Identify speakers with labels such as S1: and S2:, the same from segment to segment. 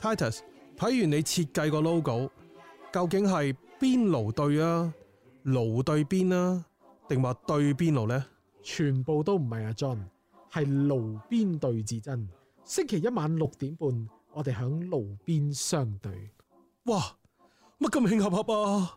S1: Titus，睇完你設計個 logo，究竟係邊爐對啊，爐對邊啊，定話對邊爐呢？
S2: 全部都唔係阿 John，係爐邊對至真。星期一晚六點半，我哋響爐邊相對。哇！乜咁慶賀，噃、啊？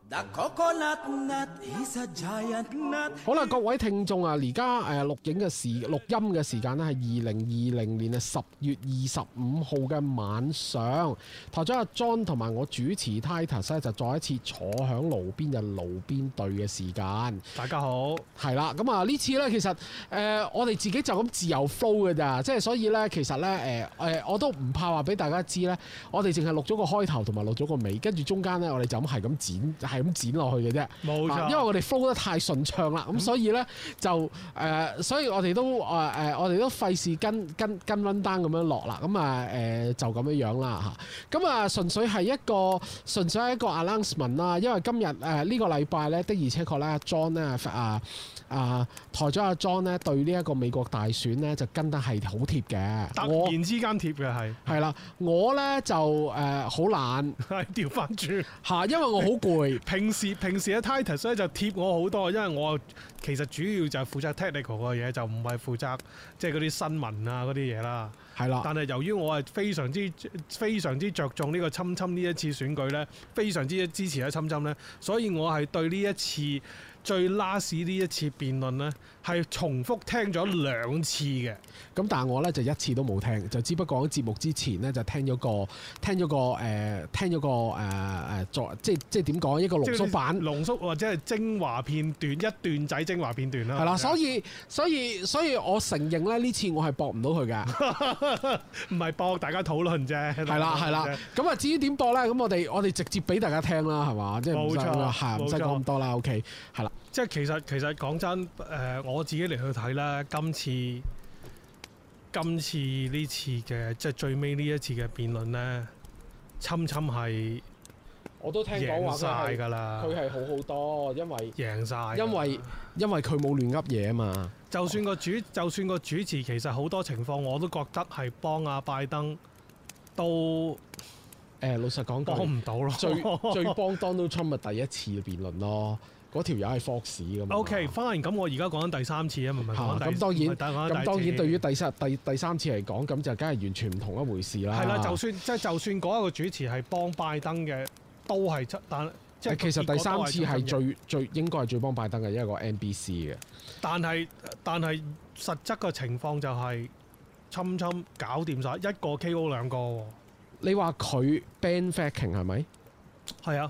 S2: 好啦，各位聽眾啊，而家誒錄影嘅時錄音嘅時間咧，係二零二零年嘅十月二十五號嘅晚上。台長阿 John 同埋我主持 Titus 咧，就再一次坐響爐邊嘅爐邊對嘅時間。大家好，係啦，咁啊次呢次咧，其實誒、呃、我哋自己就咁自由 flow 嘅咋，即係所以咧，其實咧誒誒我都唔怕話俾大家知咧，我哋淨係錄咗個開頭同埋錄咗個尾，跟住中間咧。我哋就咁係咁剪，係咁剪落去嘅啫，冇錯。因為我哋 flow 得太順暢啦，咁、嗯、所以咧就誒、呃，所以我哋都誒誒、呃，我哋都費事跟跟跟 run down 咁樣落啦。咁啊誒，就咁樣樣啦嚇。咁啊，純粹係一個純粹係一個 announcement 啦。因為今日誒、呃這個、呢個禮拜咧，的而且確咧，John 咧啊。啊，uh, 台長阿 John 咧，對呢一個美國大選咧就跟得係好貼嘅，突然之間
S1: 貼嘅係。係啦我是，我咧就誒好、呃、懶，調翻轉嚇，因為我好攰。平時平時阿 Titus 咧就貼我好多，因為我其實主要就係負責 technical 嘅嘢，就唔係負責即係嗰啲新聞啊嗰啲嘢啦。係啦。但係由於我係非常之非常之著重呢個侵侵呢一次選舉咧，非常之支持阿侵侵咧，所以我係對呢一次。最 last 呢一次辯論咧，係重複聽咗兩次嘅，
S2: 咁但係我咧就一次都冇聽，就只不過喺節目之前咧就聽咗個聽咗個誒、呃、聽咗個誒誒、呃、作，即係即係點講一個濃縮版、
S1: 濃縮或者係精華片段一段仔精華片段啦。係啦，所
S2: 以所以所以我承認咧呢次我係駁唔到佢嘅，
S1: 唔係駁大家討論啫。係啦係啦，
S2: 咁啊至於點駁咧？咁我哋我哋直接俾大家聽啦，係嘛？即係唔使係唔使講咁多啦。OK，係啦。
S1: 即係其實其實講真，誒、呃、我自己嚟去睇咧，今次今次呢次嘅即係最尾呢一次嘅辯論咧，侵侵係我都聽講話晒㗎啦。佢係好好多，因為贏晒了，因為因為佢冇亂噏
S2: 嘢啊嘛就。
S1: 就算個主就算個主持其實好多情況我都覺得係幫阿、啊、拜登都誒、呃，老實講講唔到咯。了了最 最幫
S2: Donald Trump 係第一次嘅辯論咯。嗰條友係 fox c 咁。O
S1: K fine 咁，我而家講緊第三次第啊嘛，唔係講咁當然，咁當然對於
S2: 第三、第第三次嚟講，咁就梗係完全唔同一回事啦。係啦，就
S1: 算即係、就是、就算嗰一個主持係幫拜登嘅，都係出，但即係、就是、其實第三次係最
S2: 最應該係最幫拜登嘅，因為個 N B C 嘅。
S1: 但係但係實質嘅情況就係侵侵搞掂曬一個 K O 兩個。
S2: 你話佢 benefiting 係咪？係啊。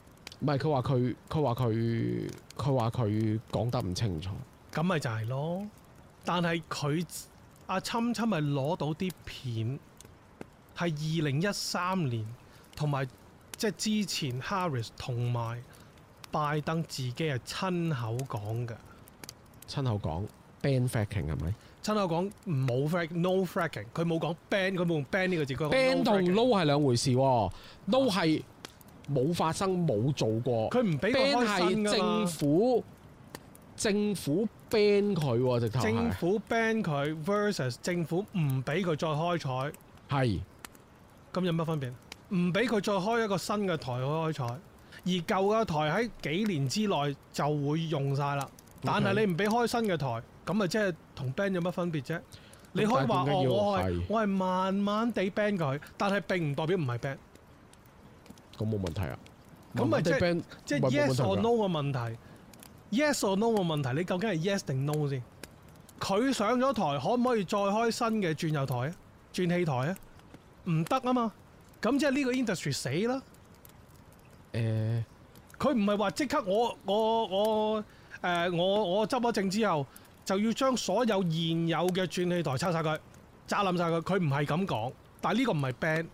S2: 唔係佢話佢佢話佢佢話佢講得唔清楚，
S1: 咁咪就係咯。但係佢阿侵侵咪攞到啲片，係二零一三年同埋即係之前 Harris 同埋拜登自己係親口講嘅，親口講 ban
S2: fracking 係咪？係係
S1: 親口講冇 frack no fracking，佢冇講 ban，佢冇用 ban 呢個字句。ban 同
S2: no 係兩回事，no 係。都冇發生，冇做過。佢
S1: 唔俾佢開新㗎嘛？政府政府 ban 佢喎，直頭。政府 ban 佢 versus 政府唔俾佢再開採。係。咁有乜分別？唔俾佢再開一個新嘅台去開採，而舊嘅台喺幾年之內就會用曬啦。但係你唔俾開新嘅台，咁咪即係同 ban 有乜分別啫？你可以話我開，我係我係慢慢地 ban 佢，但係並唔代表唔係 ban。有冇問題啊？咁咪、就是、即係即係 yes or no 嘅問題？yes or no 嘅問題，你究竟係 yes 定 no 先？佢上咗台，可唔可以再開新嘅轉油台啊？轉氣台啊？唔得啊嘛！咁即係呢個 industry 死啦。誒、欸，佢唔係話即刻我我我誒我我執咗政之後就要將所有現有嘅轉氣台拆晒佢，砸冧晒佢。佢唔係咁講，但係呢個唔係 ban。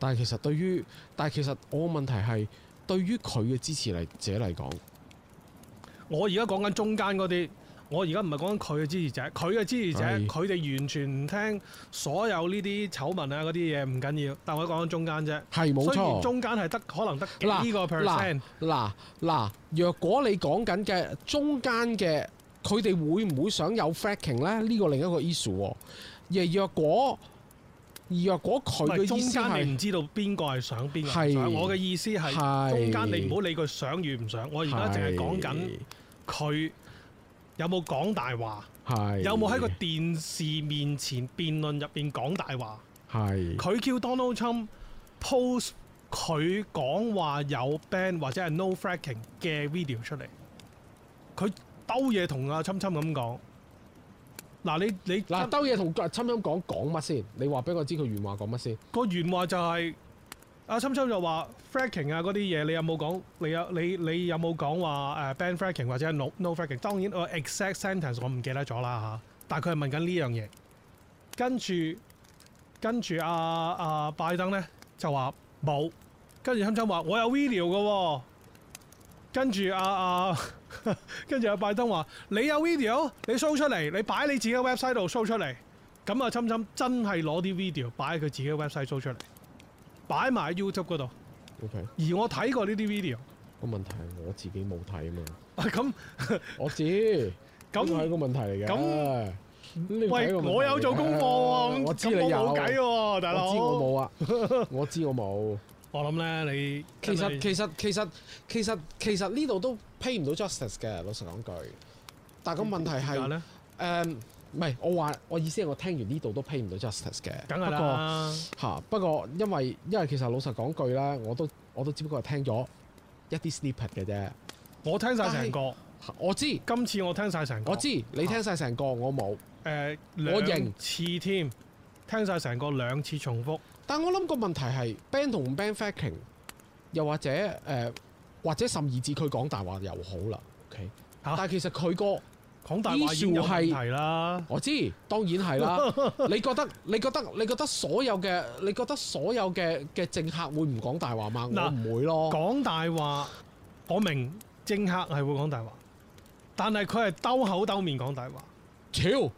S2: 但係其實對於，但係其實我個問題係對於佢嘅支持嚟者嚟講，
S1: 我而家講緊中間嗰啲，我而家唔係講緊佢嘅支持者，佢嘅支持者，佢哋是完全唔聽所有呢啲醜聞啊嗰啲嘢唔緊要，但係我講緊中間啫，係冇錯，中間係得可能得幾個 percent。
S2: 嗱嗱，若果你講緊嘅中間嘅，佢哋會唔會想有 fracking 咧？呢個另一個 issue。而若果若果佢嘅中間你唔
S1: 知道邊個係想，邊個係想。我嘅意思係，中間你唔好理佢想與唔想。我而家淨係講緊佢有冇講大話，有冇喺個電視面前辯論入邊講大話。佢是叫 Donald Trump post 佢講話有 ban 或者係 no fracking 嘅 video 出嚟，佢兜嘢同阿侵侵咁講。嗱你你嗱兜嘢同阿侵侵講講乜先？你話俾啦琛我知佢原話講乜先？個原話就係阿侵侵就話 fracking 啊嗰啲嘢，你有冇講？你有你你有冇講話誒、uh, ban fracking 或者係 no, no fracking？當然 exact sentence 我唔記得咗啦嚇，但係佢係問緊呢樣嘢。跟住跟住阿阿拜登咧就話冇，跟住侵侵話我有 video 嘅、啊，跟住阿阿。啊跟住阿拜登話：你有 video，你 show 出嚟，你擺你自己嘅 website 度 show 出嚟，咁啊，侵侵真係攞啲 video 擺喺佢自己嘅 website show 出嚟，擺埋喺 YouTube 嗰度。O.K. 而我睇過呢啲 video。
S2: 個問題係我自己冇睇啊嘛。咁我知，咁係一個問題嚟嘅。咁
S1: 喂，我有做功課喎、啊，我知你冇計喎，大佬。我知我冇啊，
S2: 我知我冇。 我
S1: 我諗咧，你其實其實其實其
S2: 實其實呢度都 pay 唔到 justice 嘅，老實講句。但係個問題係誒，唔係、嗯呃、我話我意思係我聽完呢度都 pay 唔到 justice 嘅。梗係啦。嚇、啊！不過因為因為其實老實講句咧，我都我都只不過係聽咗一啲
S1: snippet 嘅啫。我聽晒成個。我知今次我，我，我聽晒成個。啊、我知你、呃、贏聽晒成個，我冇。我兩次添，聽晒成個兩次重複。
S2: 但我諗個問題係 ban d 同 ban d fracking 又或者誒、呃，或者甚至佢講，okay？啊、講大話又好啦，OK。但係其實佢個講大話係問題啦。我知，當然係啦 你。你覺得你覺得你覺得所有嘅
S1: 你覺得所有嘅嘅政客會唔講大話嘛？啊、我唔會咯。講大話，我明政客係會講大話，但係佢係兜口兜面講大話。屌！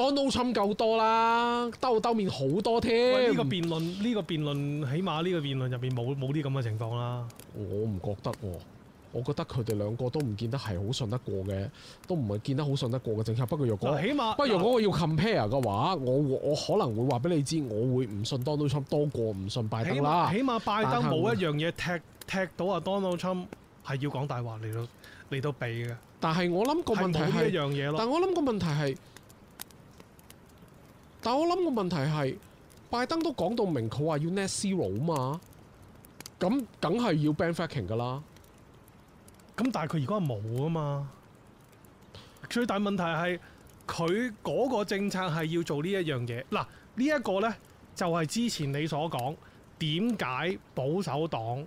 S1: Donald Trump 夠多啦，兜兜面好多添。呢個辯論呢個辯論，起碼呢個辯論入邊冇冇啲咁嘅情況啦。我唔覺得，
S2: 我覺得佢哋兩個都唔見得係好信得過嘅，都唔係見得好信得過嘅政策。不過若果，不過若果我要 compare 嘅話，我我可能會話俾你知，我會唔信 Donald Trump 多過唔信拜登啦。起碼拜登冇但一
S1: 樣嘢踢踢到阿 Donald Trump 係要講大話嚟到嚟到避嘅。
S2: 但係我諗個問題係，一樣嘢但係我諗個問題係。但我諗個問題係，拜登都講到明，佢話要 net zero 啊嘛，咁梗係要 ban fracking 噶啦。
S1: 咁但係佢而家冇啊嘛。最大問題係佢嗰個政策係要做、啊這個、呢一樣嘢。嗱，呢一個咧就係、是、之前你所講點解保守黨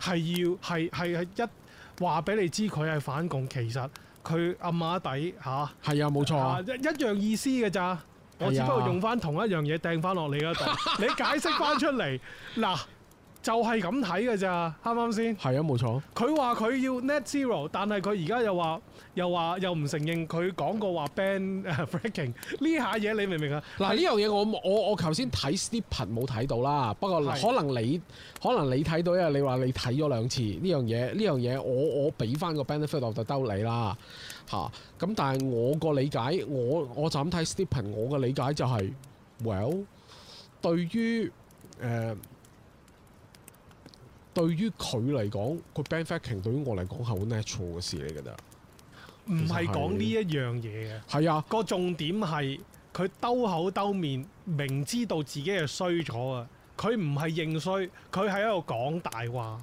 S1: 係要係係係一話俾你知佢係反共，其實佢暗馬底吓係啊，冇錯、啊，一、啊啊、一樣意思嘅咋。我只不過用翻同一樣嘢掟翻落你嗰度， 你解釋翻出嚟嗱，就係咁睇嘅咋，啱唔啱先？係啊，冇錯。佢話佢要 Net Zero，但係佢而家又話又話又唔承認佢講過話 ban d、uh, fracking 呢下嘢，你明唔明啊？嗱，呢樣嘢我是我我頭先睇 snippet
S2: 冇睇到啦，不過可能你是可能你睇到，因為你話你睇咗兩次呢樣嘢，呢樣嘢我我俾翻個 benefit 我就兜你啦。嚇！咁、啊、但係我個理解，我我就咁睇 Stephen。我嘅理解就係、是、，Well，對於誒、呃，對於佢嚟講，佢 bandfacking 對於我嚟講係好 natural 嘅事嚟嘅啫。
S1: 唔係講呢一樣嘢嘅，係啊，個重點係佢兜口兜面，明知道自己係衰咗啊！佢唔係認衰，佢係喺度講大話，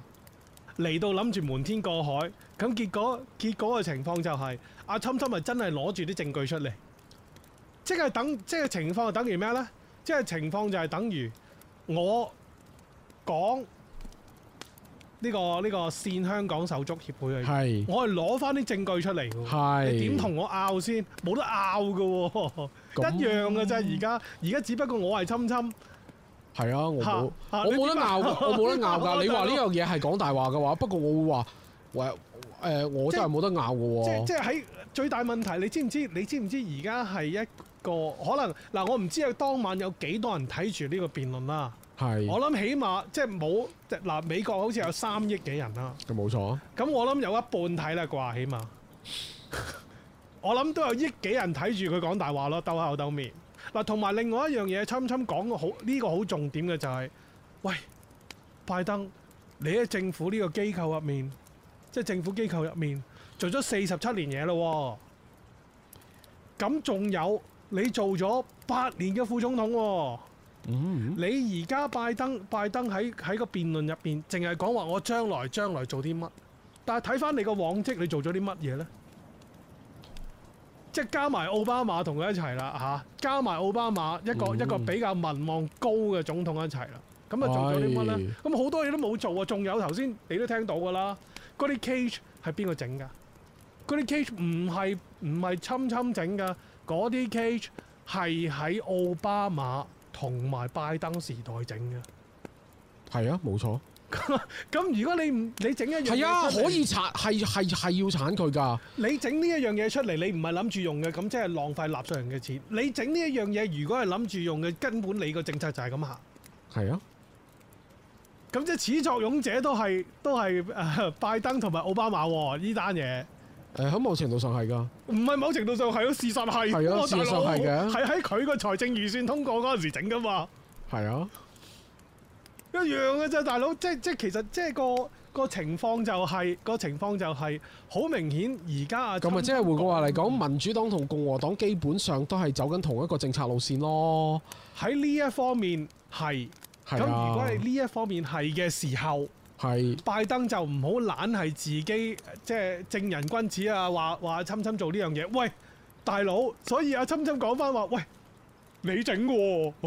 S1: 嚟到諗住瞞天過海，咁結果結果嘅情況就係、是。阿琛琛咪真係攞住啲證據出嚟，即係等，即係情況就等於咩咧？即係情況就係等於我講呢個呢個線香港手足協會，我係攞翻啲證據出嚟。你點同我拗先？冇得拗㗎喎，一樣㗎啫。而家而家只不過我係琛琛，係啊，我冇，我冇得拗，我冇得拗㗎。你話呢樣嘢係講大話嘅話，不過我會話喂。誒、呃，我真係冇得拗
S2: 嘅喎！即係喺
S1: 最大問題，你知唔知？你知唔知？而家係一個可能嗱、啊，我唔知佢當晚有幾多人睇住呢個辯論啦。係是。我諗起碼即係冇嗱美國好似有三億幾人啦。冇、嗯、錯。咁我諗有一半睇啦啩，起碼。 我諗都有億幾人睇住佢講大話咯，鬥口鬥面嗱。同、啊、埋另外一樣嘢，侵侵講到好呢個好重點嘅就係、是，喂，拜登，你喺政府呢個機構入面。即係政府機構入面做咗四十七年嘢咯、哦，咁仲有你做咗八年嘅副總統、哦。嗯、mm，hmm. 你而家拜登拜登喺喺個辯論入邊，淨係講話我將來將來做啲乜？但係睇翻你個往績，你做咗啲乜嘢呢？即係加埋奧巴馬同佢一齊啦，嚇、啊！加埋奧巴馬一個、mm hmm. 一個比較民望高嘅總統一齊啦，咁啊做咗啲乜呢？咁好、哎、多嘢都冇做啊！仲有頭先你都聽到㗎啦。嗰啲 cage 係邊個整噶？嗰啲 cage 唔係唔係侵侵整噶，嗰啲 cage 係喺奧巴馬同埋拜登時代整嘅。
S2: 係啊，冇錯。
S1: 咁 如果你唔你整一樣，係啊，可以鏟，係係係要鏟佢噶。你整呢一樣嘢出嚟，你唔係諗住用嘅，咁即係浪費納稅人嘅錢。你整呢一樣嘢，如果係諗住用嘅，根本你個政策就係咁行。係啊。咁即係始作俑者都係都係誒拜登同埋奧巴馬呢單嘢。誒喺、呃、某程度上係噶。唔係某程度上係咯，事實係。係咯的，啊、事實係嘅。係喺佢個財政預算通過嗰陣時整噶嘛。係啊的。一樣嘅啫，大佬。即即其實即係個個情況就係、是、個情況就係、是、好明顯共共，而家啊。咁啊，即係換個話嚟講，民主黨同共和黨基本上都係走緊同一個政策路線咯。喺呢一方面係。咁如果係呢一方面係嘅時候，係的拜登就唔好懶，係自己，即係正人君子啊，話話阿侵侵做呢樣嘢。喂，大佬，所以阿侵侵講翻話，喂，你整喎，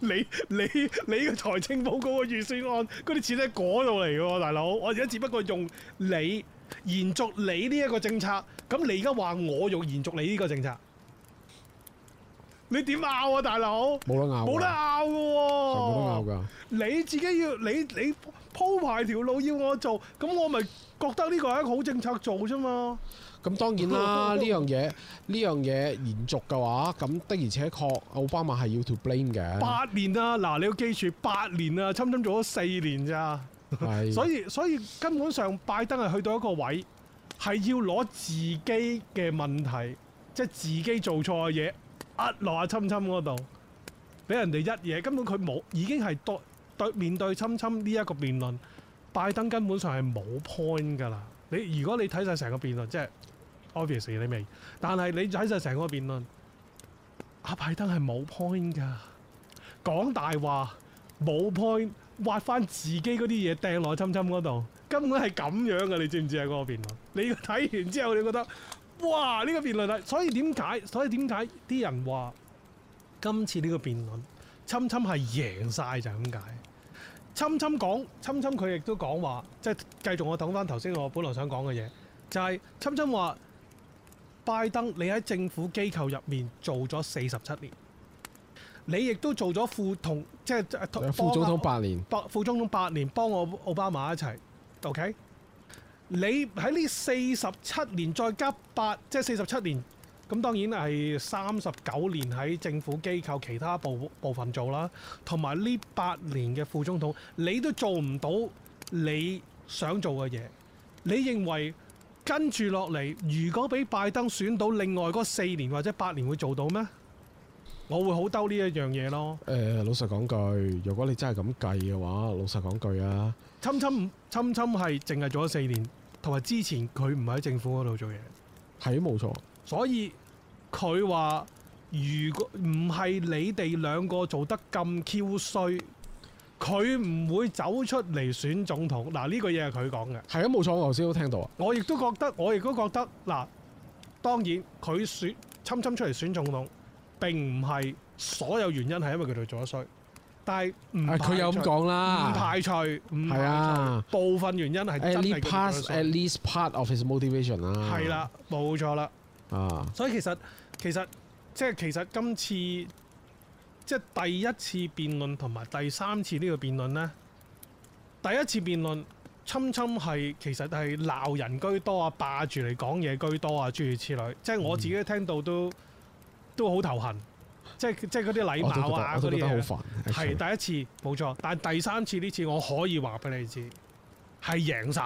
S1: 你你你嘅財政報告嘅預算案，嗰啲錢咧嗰度嚟嘅大佬，我而家只不過用你延續你呢一個政策，咁你而家話，我用延續你呢個政策？你點拗啊？大佬，冇得拗，冇得拗噶，全部都拗噶。你自己要你你鋪排條路要我做，咁我咪覺得呢個係一個好政策做啫嘛。咁當然啦，呢、哦哦、樣嘢呢樣
S2: 嘢延續嘅話，咁的而且確，奧巴馬係要 to blame 嘅八
S1: 年啊！嗱，你要記住八年啊，侵侵做咗四年咋。的 所以所以根本上，拜登係去到一個位，係要攞自己嘅問題，即係自己做錯嘅嘢。壓落阿侵侵嗰度，俾人哋一嘢，根本佢冇，已經係對對面對侵侵呢一個辯論，拜登根本上係冇 point 噶啦。你如果你睇晒成個辯論，即係 obviously 你未，但係你睇晒成個辯論，阿拜登係冇 point 噶，講大話冇 point，挖翻自己嗰啲嘢掟落侵侵嗰度，根本係咁樣噶，你知唔知啊？嗰個辯論，你睇完之後你覺得？哇！呢個辯論係，所以點解？所以點解啲人話今次呢個辯論，侵侵係贏晒就係點解？侵侵講，侵侵佢亦都講話，即係繼續我等翻頭先我本來想講嘅嘢，就係侵侵話拜登你喺政府機構入面做咗四十七年，你亦都做咗副同即係副總統八年，副總統八年幫我奧巴馬一齊，OK？你喺呢四十七年再加八，即係四十七年，咁當然係三十九年喺政府機構其他部部分做啦，同埋呢八年嘅副總統，你都做唔到你想做嘅嘢。你認為跟住落嚟，如果俾拜登選到另外嗰四年或者八年，會做到咩？我會好嬲呢一樣嘢咯。誒、呃，老實講句，如果你真係咁計嘅話，老實講句啊，侵侵侵侵係淨係做咗四年。同埋之前，佢唔喺政府嗰度做嘢，係冇錯。所以佢話，如果唔係你哋兩個做得咁 q 衰，佢唔會走出嚟選總統。嗱，呢個嘢係佢講嘅，係啊，冇錯。我頭先都聽到啊。我亦都覺得，我亦都覺得嗱。當然，佢選侵侵出嚟選總統，並唔係所有原因係因為佢哋做得衰。但係唔排啦，唔排除，係啊，部分原因係真係咁 At s a t
S2: least part of his motivation 啦。係啦
S1: 的，冇錯啦。啊，所以其實其實即係其實今次即係第一次辯論同埋第三次呢個辯論咧，第一次辯論，侵侵係其實係鬧人居多啊，霸住嚟講嘢居多啊，諸如此類。即係我自己聽到都、嗯、都好頭痕。即係即係嗰啲禮貌啊，我都覺得好煩。係第一次冇錯，但係第三次呢次我可以話俾你知係贏晒。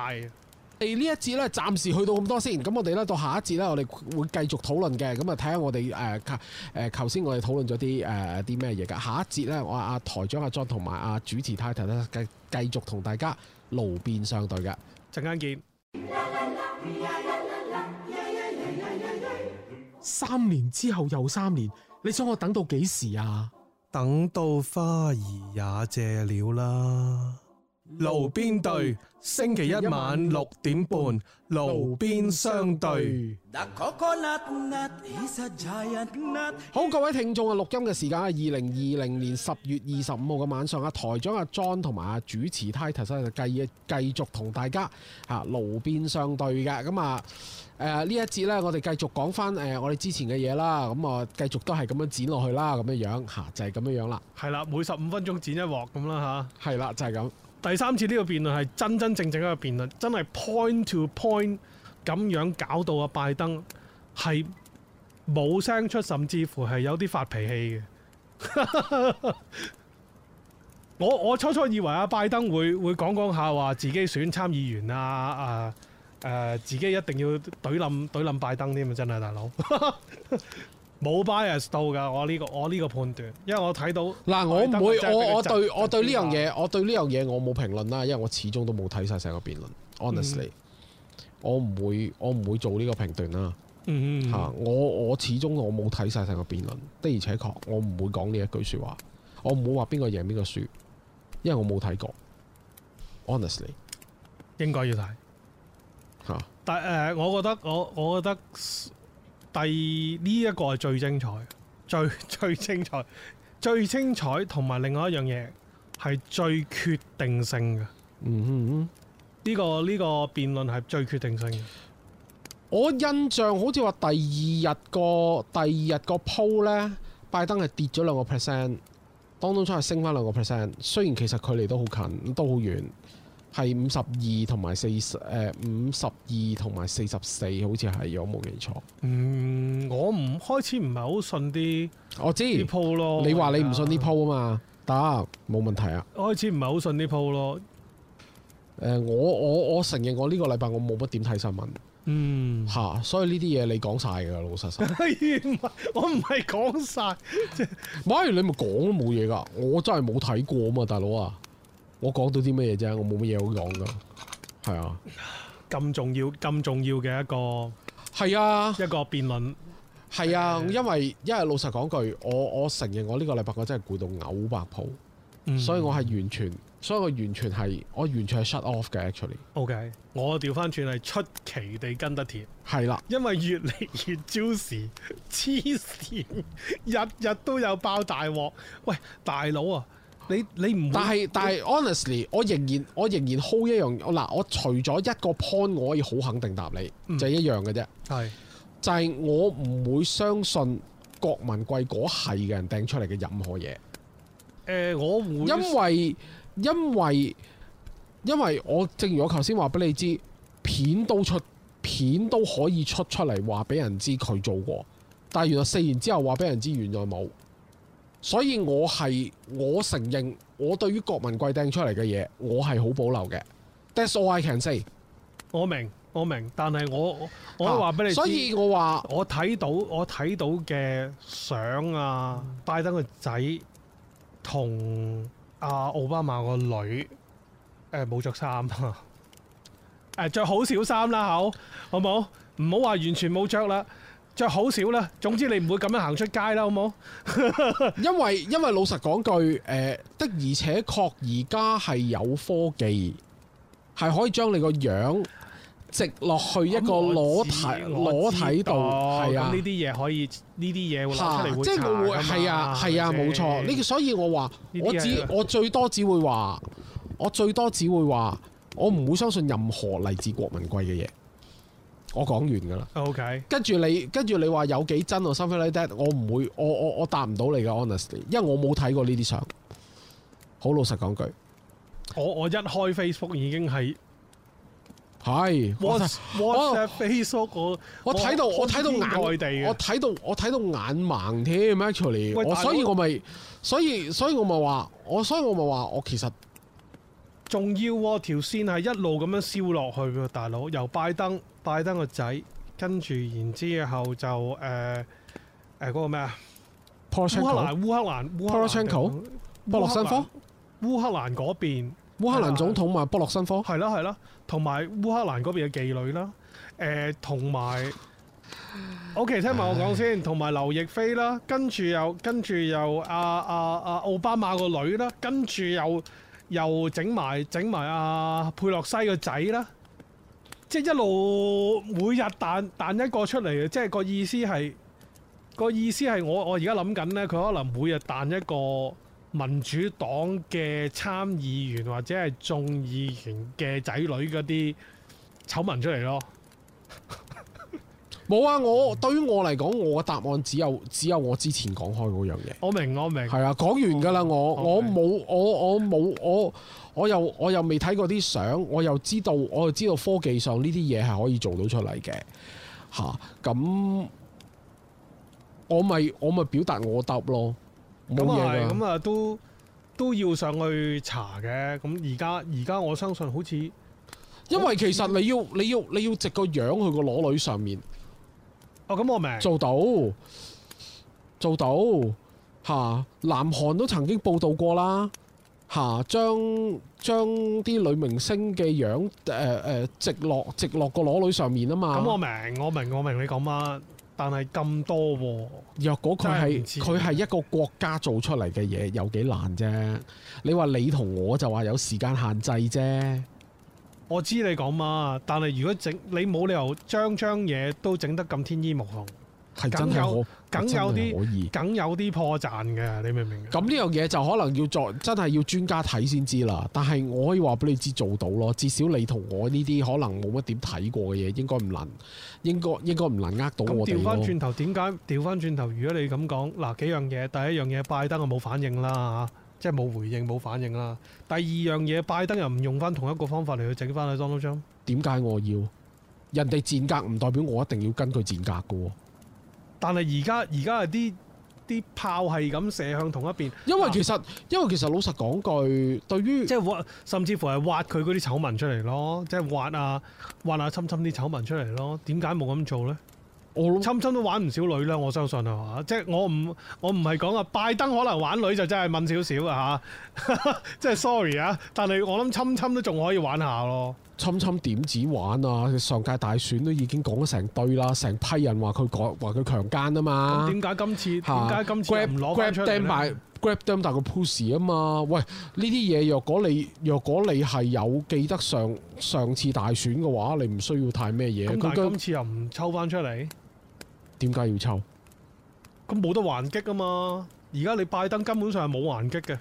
S1: 誒
S2: 呢一節咧暫時去到咁多先，咁我哋咧到下一節咧，我哋會繼續討論嘅。咁啊睇下我哋誒誒頭先我哋討論咗啲誒啲咩嘢㗎？下一節咧，我、啊、阿台長阿 John 同埋阿主持 Titus 咧繼繼續同大家爐邊相對嘅。陣間見。
S1: 三年之後又三年。你想我等到幾時啊？等到花兒也謝了啦。爐邊對，星期一晚六點半，爐邊相對。
S2: 好，各位聽眾啊，錄音嘅時間係二零二零年十月二十五號嘅晚上啊。台長阿 John 同埋阿主持 Titus 所以就繼繼續同大家啊爐邊相對嘅咁啊。誒呢、呃、一節咧，我哋繼續講翻誒我哋之前嘅嘢啦，咁啊繼續都係咁樣剪落去啦，咁樣樣吓、啊，就係、是、咁樣樣啦。
S1: 係啦，每十五分鐘剪一鑊咁啦吓，係、啊、啦，就係、是、咁。第三次呢個辯論係真真正正一個辯論，真係 point to point，咁樣搞到阿、啊、拜登係冇聲出，甚至乎係有啲發脾氣嘅。 我我初初以為阿、啊、拜登會會講講下話自己選參議員啊啊～誒、呃，自己一定要懟冧懟冧拜登添啊！真係大佬，冇 bias 到噶。我呢、這個我呢個判斷，因為我睇到嗱，我唔登會我我對我對呢樣嘢，
S2: 啊、我對呢樣嘢我冇評論啦。因為我始終都冇睇晒成個辯論、嗯、Honestly，我唔會我唔會做呢個評斷啦。
S1: 吓、
S2: 嗯、我我始終我冇睇晒成個辯論的而且確，我唔會講呢一句說話，我唔會話邊個贏邊個輸，因為我冇睇過。Honestly，
S1: 應該要睇。但誒、呃，我覺得我我覺得第呢一、這個係最精彩，最最精彩，最精彩同埋另外一樣嘢係最決定性嘅。嗯哼，嗯哼，呢、這個呢、這個辯論係最決定性。
S2: 我印象好似話第二日個第二日個鋪呢，拜登係跌咗兩個 percent，當中出係升翻兩個 percent。雖然其實距離都好近，都好遠。係五十二同埋四，誒，五十二同埋四十四，好似係，有冇記錯？嗯，
S1: 我唔開始唔係好信啲，我知鋪咯。你話你唔信
S2: 啲鋪啊嘛，得、嗯，冇問題啊。
S1: 開始唔係好信啲鋪咯。誒、
S2: 呃，我我我，我承認我呢個禮拜我冇乜點睇新聞。嗯、吓、啊，所以呢啲嘢你講晒噶啦，老老實實。 我唔係講晒。媽， 你咪講都冇嘢噶，我真係冇睇過啊嘛，大佬啊。我講到啲乜嘢啫？我冇乜嘢好講㗎，係啊。
S1: 咁重要咁重要嘅一個係啊，一個辯論係啊，啊因
S2: 為因為老實講句，我我承認我呢個禮拜我真係攰到嘔白泡，嗯、所以我係完全，所以我完全係我完全係 shut off 嘅 actually。
S1: OK，我調翻轉係出奇地跟得貼，係啦、啊，因為越嚟越 juicy 黐線，日日都有爆大鑊，喂大佬啊！你你唔但係是我但係
S2: ，honestly，我仍然我仍然 hold 一樣，嗱、啊，我除咗一個 point，我可以好肯定答你，嗯、就係一樣嘅啫，是就係我唔會相信郭文貴嗰係嘅人掟出嚟嘅任何嘢。
S1: 誒、呃，我會因
S2: 為因為因為我正如我頭先話俾你知，片都出，片都可以出出嚟話俾人知佢做過，但係原來四年之後話俾人知原來冇。所以我係我承認，我對於郭文貴掟出嚟嘅嘢，我係好保留嘅。That's all I can say
S1: 我。我明我明，但係我我話俾你知、啊，所以我話我睇到我睇到嘅相啊，嗯、拜登個仔同阿奧巴馬個女，誒冇着衫啊，着好少衫啦，好好唔好？唔好話完全冇着啦。就好少啦，總之你唔會咁樣行出街啦，好冇？因為因為老實講句，誒的而且
S2: 確而家係有科技，係可以將你個樣直落去一個裸體裸體度，係啊？呢
S1: 啲嘢可以呢啲嘢，即係會係啊係啊，冇錯。呢所
S2: 以我話我只我最多只會話，我最多只會話，我唔會相信任何嚟自郭文貴嘅嘢。我講完㗎喇。OK。跟住你，跟住你話有幾真？我 something like that 我唔會，我我我答唔到你嘅 honestly，因為我冇睇過呢啲相。好老實講句，
S1: 我我一開 Facebook 已經係係
S2: WhatsApp WhatsApp
S1: Facebook，我睇到我睇到眼地，我
S2: 睇到我睇到眼盲添。actually 你，所以我咪所以所以我咪話我，所以我咪話我其實。
S1: 仲要喎，條線係一路咁樣燒落去嘅，大佬。由拜登、拜登個仔，跟住然之後就誒誒嗰個咩啊？烏克蘭、烏克蘭、烏克蘭。Poroshenko、波洛申科。烏克蘭嗰邊。烏克蘭總統咪波洛申科？係啦，係啦，同埋烏克蘭嗰邊嘅妓女啦，誒、啊，同埋。O.K. 聽埋我講先，同埋劉亦菲啦，跟住又跟住又阿阿阿奧巴馬個女啦，跟住又。又整埋整埋阿佩洛西個仔啦，即係一路每日彈彈一個出嚟，即係個意思係，個意思係我我而家諗緊呢，佢可能每日彈一個民主黨嘅參議員或者係眾議員嘅仔女嗰啲醜聞出嚟咯。
S2: 冇啊！我對於我嚟講，我嘅答案只有只有我之前講開嗰樣嘢。我明，我明。係啊，講完㗎啦！我我冇我我冇我我又我又未睇過啲相，我又知道我又知道科技上呢啲嘢係可以做到出嚟嘅嚇。咁、啊、我咪我咪表達我答咯。冇嘢。咁係咁
S1: 啊，都都要上去查嘅。咁而家而家我相信好似因為其實你要像你
S2: 要你要直個樣去個裸女上面。哦，咁我明。做到，做到，吓、啊，南韓都曾經報道過啦，吓、啊，將將啲女明星嘅樣誒誒、呃呃，直落直
S1: 落個裸女上面啊嘛。咁我明，我明，我明你講乜？但係咁多，
S2: 若果佢係佢係一個國家做出嚟嘅嘢，有幾難啫？你話你同我就話有時間限制啫。
S1: 我知你講嘛，但係如果整，你冇理由將張嘢都整得咁天衣無縫，係真係有，梗有啲梗有啲破綻嘅，你明唔明？咁呢樣嘢就可能要再真係要專
S2: 家睇先知啦。但係我可以話俾你知做到咯，至少你同我呢啲可能冇乜點睇過嘅嘢，應該唔能，應該應該唔能呃到我哋。咁調翻轉
S1: 頭，點解調翻轉頭？如果你咁講，嗱，幾樣嘢，第一樣嘢，拜登我冇反應啦即係冇回應冇反應啦。第二樣嘢，拜登又唔用翻同一個方法嚟去整翻啊，Donald Trump。
S2: 點解我要？人哋賤格唔代表我一定要跟佢賤格噶。
S1: 但係而家而家啲啲炮係咁射向同一邊。因為其實、啊、因為其實老實講句，對於即係挖，甚至乎係挖佢嗰啲醜聞出嚟咯，即係挖啊挖啊，挖啊侵侵啲醜聞出嚟咯。點解冇咁做咧？我諗侵侵都玩唔少女啦，我相信啊，即係我唔我唔係講啊，拜登可能玩女就真係問少少啊吓，即係 sorry 啊，但係我諗侵侵都仲可以玩下咯。侵侵點止玩啊？
S2: 上屆大選都已經講咗成堆啦，成批人話佢講話佢強奸啊嘛。咁點解
S1: 今次點解、啊、今次攞 grab them by
S2: grab them 但係佢 push 啊嘛。喂，呢啲嘢若果你若果你係有記得上上次大選嘅話，你唔需
S1: 要太咩嘢。咁今次又唔抽翻出嚟？點解要抽？噉冇得還擊啊嘛！而家你拜登根本上係冇還擊嘅。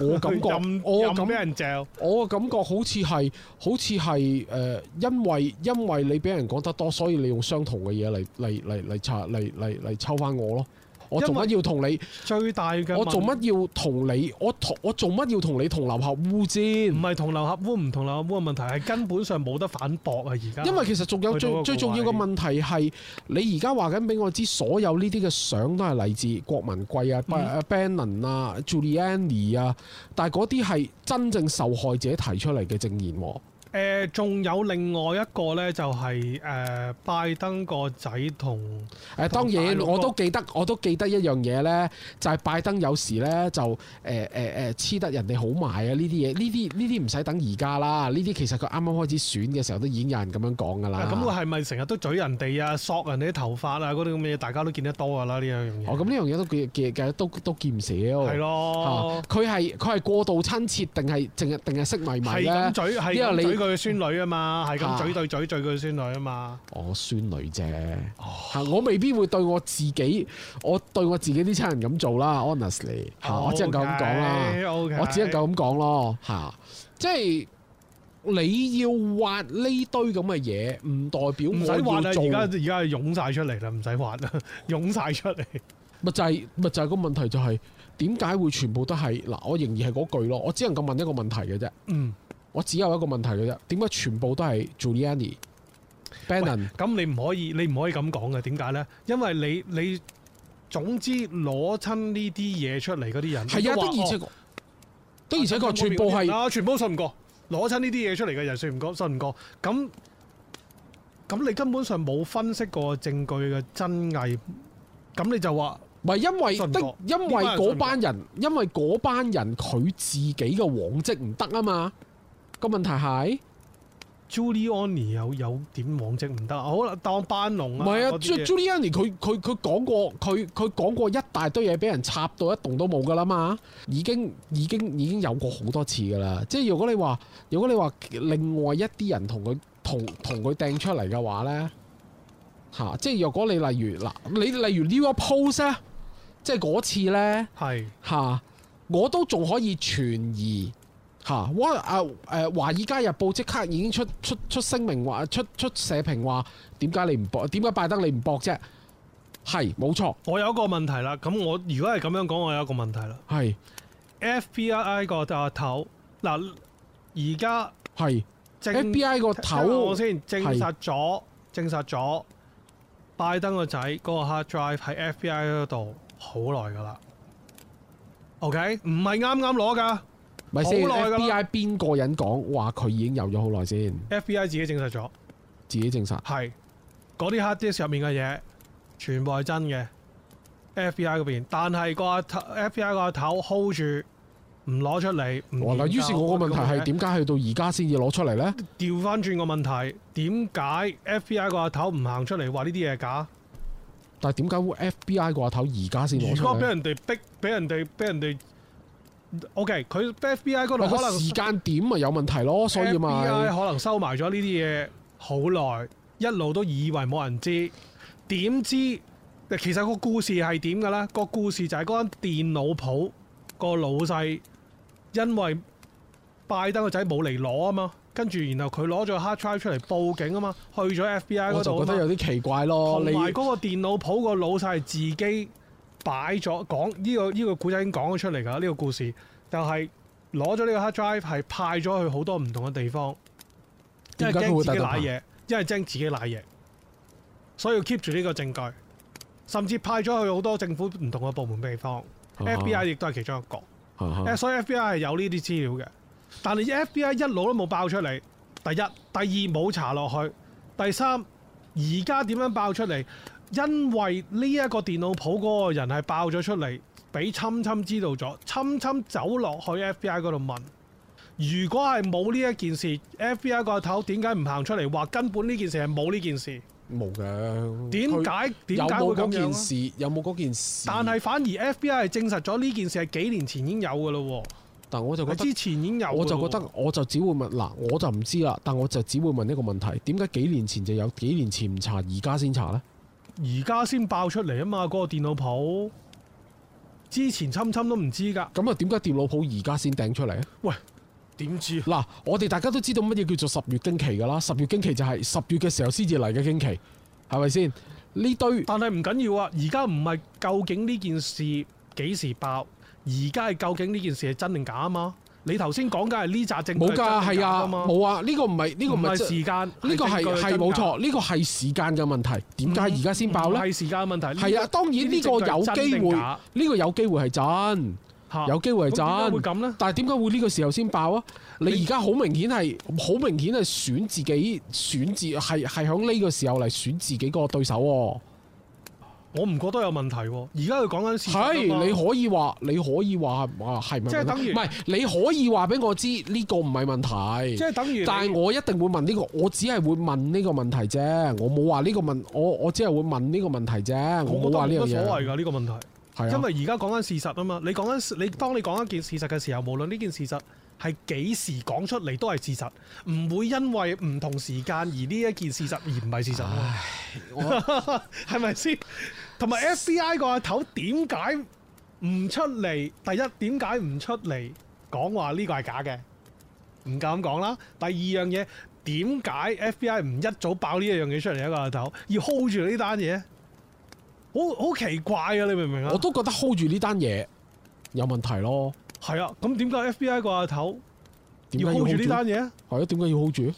S1: 我感覺
S2: 任俾 忍人嚼。我嘅感覺好似係，好似係，誒、呃，因為因為你俾人講得多，所以你用相同嘅嘢嚟嚟嚟嚟查嚟嚟嚟抽翻我咯。我做乜要同你最大嘅？我做乜要同你？我同我做乜要同你
S1: 同流合污先？唔係同流合污唔同流合污嘅問題，係根本上冇得反駁啊！而家因為其實仲有最最重要嘅
S2: 問題係，你而家話緊俾我知，所有呢啲嘅相都係嚟自郭文貴啊、嗯、Bannon 啊、Giuliani 啊，但係嗰啲係真正受害者提出嚟嘅證言。
S1: 誒仲有另外一個咧，就係誒拜登個仔同，
S2: 誒當然我都記得，我都記得一樣嘢咧，就係拜登有時咧就誒誒誒黐得人哋好埋啊！呢啲嘢，呢啲呢啲唔使等而家啦，呢啲其實佢啱啱開始選嘅時候都已經有人咁樣講噶啦。咁
S1: 佢係咪成日都嘴人哋啊？索人哋啲頭髮啊，嗰啲咁嘅嘢，大家都見得多噶啦呢樣
S2: 嘢。哦，咁呢樣嘢都都都見唔少。係咯，佢係佢係過度親切定係淨係淨係識迷迷咧？係咀
S1: 對孫女啊嘛，係咁、啊、嘴對嘴對佢孫女啊嘛。我孫、哦、女啫，哦、我未必會對我自己，
S2: 我對我自己啲親人咁做啦。Honestly，吓、啊 okay，我只能夠咁講啦。我只能夠咁講咯，吓
S1: 即係你要挖呢堆咁嘅嘢，唔代表唔使挖啦。而家而家湧晒出嚟啦，唔使挖啦，湧晒出嚟。咪
S2: 就係咪就係個問題，就係點解會全部都係嗱？我仍然係嗰句咯，我只能夠問一個問題嘅啫。嗯。我只有一個問題嘅啫，點解全部都係 Giuliani、
S1: Bannon？咁你唔可以，你唔可以咁講嘅。點解咧？因為你你總之攞親呢啲嘢出嚟嗰啲人，係啊，的而且確的而且確，全部係啊，全部信唔過攞親呢啲嘢出嚟嘅人，信唔過，信唔過。咁咁你根本上冇分析過證據嘅真偽，咁你就話唔係因為的，因為嗰班人，因為嗰班人佢自己嘅往績唔得啊嘛。個問題係 Giuliani 有有點往績唔得，好啦，當班農啊，唔係啊，Giuliani 佢
S2: 佢佢講過，佢佢講過一大堆嘢，俾人插到一動都冇噶啦嘛，已經已經已經有過好多次噶啦，即係如果你話，如果你話另外一啲人同佢同同佢掟出嚟嘅話咧，吓、啊，即係若果你例如嗱、啊，你例如個、啊、呢 pose 即係嗰次咧，係吓、啊，我都仲可以存疑。吓！哇、啊！阿誒華爾街日報即刻已經出出出聲明話，出出社評話點解你唔博？點解拜登你唔博啫？係冇錯我我。
S1: 我有一個問題啦。咁我如果係咁樣講，我有一個問題啦。係 FBI 個頭嗱，而家係 FBI 個頭我先證實咗，證實咗是拜登個仔嗰個 hard drive 喺 FBI 嗰度好耐噶啦。OK，唔係啱啱攞㗎。咪先，FBI
S2: 邊個人講話佢已經有咗好耐先。
S1: FBI 自己證實咗，
S2: 自己證實
S1: 係嗰啲 hard disk 入面嘅嘢，全部係真嘅。FBI 嗰邊，但係、個 FBI 個阿頭 hold 住唔攞出嚟。哇！嗱，於是我個問題係點
S2: 解去到而家先要攞出嚟咧？
S1: 調翻轉個問題，點解 FBI 個阿頭唔行出嚟話呢啲嘢假？
S2: 但係點解 FBI 個阿頭而家先？攞出嚟俾人
S1: 哋逼，俾人哋，俾人哋。O.K. 佢 F.B.I. 嗰度，可能時間
S2: 點咪有問題咯，所以嘛、就是、F.B.I. 可
S1: 能收埋咗呢啲嘢好耐，一路都以為冇人知，點知其實個故事係點嘅咧？個故事就係嗰間電腦鋪個老細，因為拜登個仔冇嚟攞啊嘛，跟住然後佢攞咗 hard drive 出嚟報警啊嘛，去咗 F.B.I. 嗰度，我就覺得有啲奇怪咯。同埋嗰個電腦鋪個老細係自己。擺咗講呢、這個呢個古仔已經講咗出嚟㗎，呢、這個故事，、這個、故事就係攞咗呢個 hard drive 係派咗去好多唔同嘅地方，為因為驚自己賴嘢，因為驚自己賴嘢，所以要 keep 住呢個證據，甚至派咗去好多政府唔同嘅部門嘅地方、uh huh.，FBI 亦都係其中一個，uh huh. 所以 FBI 係有呢啲資料嘅，但係 FBI 一路都冇爆出嚟，第一，第二冇查落去，第三而家點樣爆出嚟？因為呢一個電腦鋪嗰個人係爆咗出嚟，俾侵侵知道咗。侵侵走落去 FBI 嗰度問，如果係冇呢一件事，FBI 個頭點解唔行出嚟話根本呢件事係冇呢件事？
S2: 冇嘅。
S1: 點解點解會咁件事？的有冇嗰件事？但係反而 FBI 係證實咗呢件事係幾年前已經有㗎咯。但我就覺之前已經有。我就覺得
S2: 我就只會問嗱，我就唔知啦。但我就只會問一個問題，點解幾年前就有？幾年前唔查，而家先查呢？
S1: 而家先爆出嚟啊嘛，嗰、那個電腦鋪
S2: 之前侵侵都唔知噶。咁啊，點解電腦鋪而家先掟出嚟啊？喂，點知？嗱，我哋大家都知道乜嘢叫做十月驚奇噶啦，十月驚奇就係十月嘅
S1: 時候先至嚟嘅驚奇，係咪先？呢堆但係唔緊要啊，而家唔係究竟呢件事幾時爆，而家係究竟呢件事係真定假啊嘛？你頭先講嘅係呢扎證據冇㗎，係啊，冇啊，呢個唔係呢個唔係時間，呢個係係冇錯，
S2: 呢個係時間嘅問題。點解而家先爆呢？係時間嘅問題。啊些，當然呢個有機會，呢個有機會係真，哈有機會係真。點解會咁咧？但係點解會呢個時候先爆啊？你而家好明顯係好明顯係選自己選自係係響呢個時候嚟選自己個對手喎、啊。
S1: 我唔覺得有問題喎，而家佢講緊事實你可
S2: 以話，你可以話，哇，係唔係？即係等於唔係你可以話俾我知呢個唔係問題。即係等於。但係我一定會問呢、呢個，我只係會問呢個問題啫，我冇話呢個問，我我只係會問呢個問題啫，我冇話呢個嘢。冇所謂
S1: 㗎呢個,個問題，係啊。因為而家講緊事實啊嘛，你講緊你當你講一件事實嘅時候，無論呢件事實係幾時講出嚟都係事實，唔會因為唔同時間而呢一件事實而唔係事實啊。係咪先？ 同埋 FBI 個阿頭點解唔出嚟？第一點解唔出嚟講話呢個係假嘅，唔夠咁講啦。第二樣嘢點解 FBI 唔一早爆呢一樣嘢出嚟一個阿頭，要 hold 住呢單嘢，好好奇怪啊！你明唔明啊？我都覺得 hold 住呢單嘢有問題咯。係啊，咁點解 FBI 個阿頭要 hold 住呢單嘢？係啊，點解要 hold 住？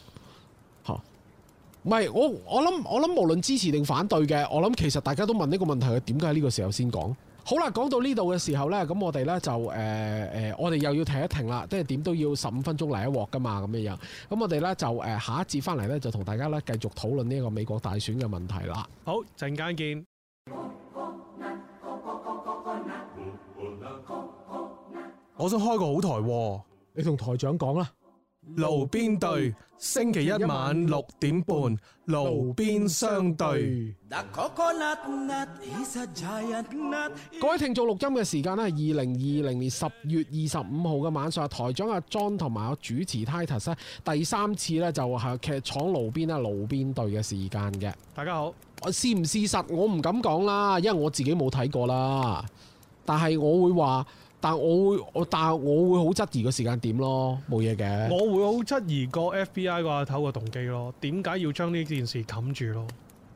S2: 唔係我我諗我諗無論支持定反對嘅，我諗其實大家都問呢個問題嘅，點解呢個時候先講？好啦，講到呢度嘅時候呢，咁我哋呢就誒誒、呃呃，我哋又要停一停啦，即係點都要十五分鐘嚟一鑊㗎嘛，咁樣樣。咁我哋呢就誒、呃、下一節翻嚟呢，就同大家呢繼續討論呢個美國大選嘅問題啦。
S1: 好，陣間見。我想開個好台，你同台長講啦。爐邊對。星期一晚六點半，爐邊相對。
S2: 各位聽眾錄音嘅時間咧，係二零二零年十月二十五號嘅晚上。台長阿 John 同埋我主持 Titus 第三次呢，就係劇廠爐邊啊，爐邊對嘅時間嘅。大家好，我係唔係事實？我唔敢講啦，因為我自己冇睇過啦。但係我會話。但係我會，我但係我會好質疑個時間點咯，冇嘢嘅。我
S1: 會好質疑個 FBI 個阿頭個動機咯，點解要將呢件事冚住咯？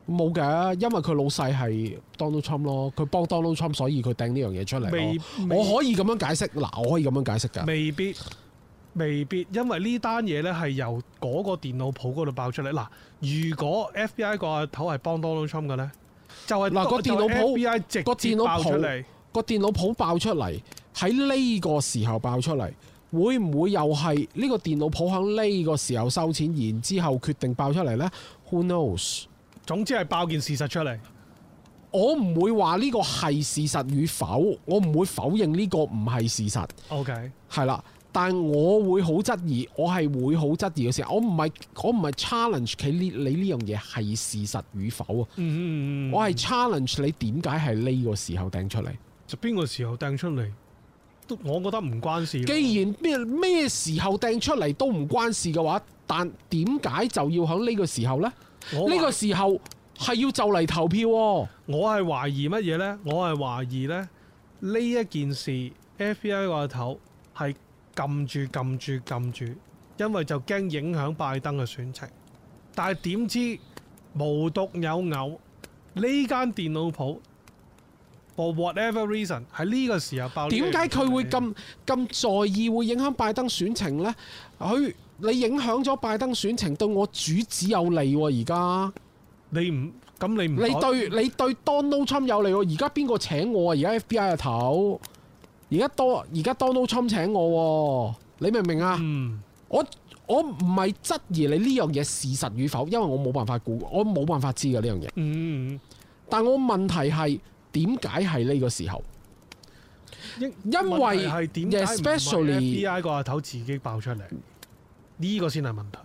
S2: 冇嘅，因為佢老細係 Donald Trump 咯，佢幫 Donald Trump，所以佢掟呢樣嘢出嚟。我可以咁樣解釋，嗱，我可以咁樣解釋㗎。
S1: 未必，未必，因為呢單嘢咧係由嗰個電腦鋪嗰度爆出嚟。嗱，如果 FBI 個阿頭係幫 Donald Trump 嘅咧，就係嗱個電腦鋪 FBI 直個電腦鋪，
S2: 個電腦鋪爆出嚟。喺呢個時候爆出嚟，會唔會又係呢個電腦鋪喺呢個時候收錢，然之後決定爆出嚟呢？Who knows？總之係爆件事實出嚟。我唔會話呢個係事實與否，我唔會否認呢個唔係事實。OK，係啦，但係我會好質疑，我係會好質疑嘅先。我唔係我唔係 challenge 佢呢，你呢樣嘢係事實與否啊？嗯，嗯嗯嗯。我係 challenge 你點解係呢個時候掟
S1: 出嚟？就邊個時候掟出嚟？
S2: 我覺得唔關事。既
S1: 然咩咩
S2: 時候掟出嚟都唔關事嘅話，但點解就要喺呢個時候呢？
S1: 呢個時候係要就嚟投票，啊。我係懷疑乜嘢呢？我係懷疑呢呢一件事，FBI 個頭係撳住撳住撳住撳住，因為就驚影響拜登嘅選情。但係點知無獨有偶，呢間電腦鋪。For whatever reason，喺呢個時候爆。點解佢會咁
S2: 咁在意會影響拜登選情呢？佢你影響咗拜登選情對我主旨有利喎、啊。而家
S1: 你唔咁，你唔你對你
S2: 對 Donald Trump 有利喎、啊。而家邊個請我啊？而家 FBI 嘅頭，而家多而家 Donald Trump 請我、啊，你明唔明啊？嗯、我我唔係質疑你呢樣嘢事實與否，因為我冇辦法估，我冇辦法知㗎呢樣嘢。嗯，嗯，但我問題係。點解係呢個時候？
S1: 因因為係點解？Especially FBI 個阿頭自己爆出嚟，呢 個先係問題。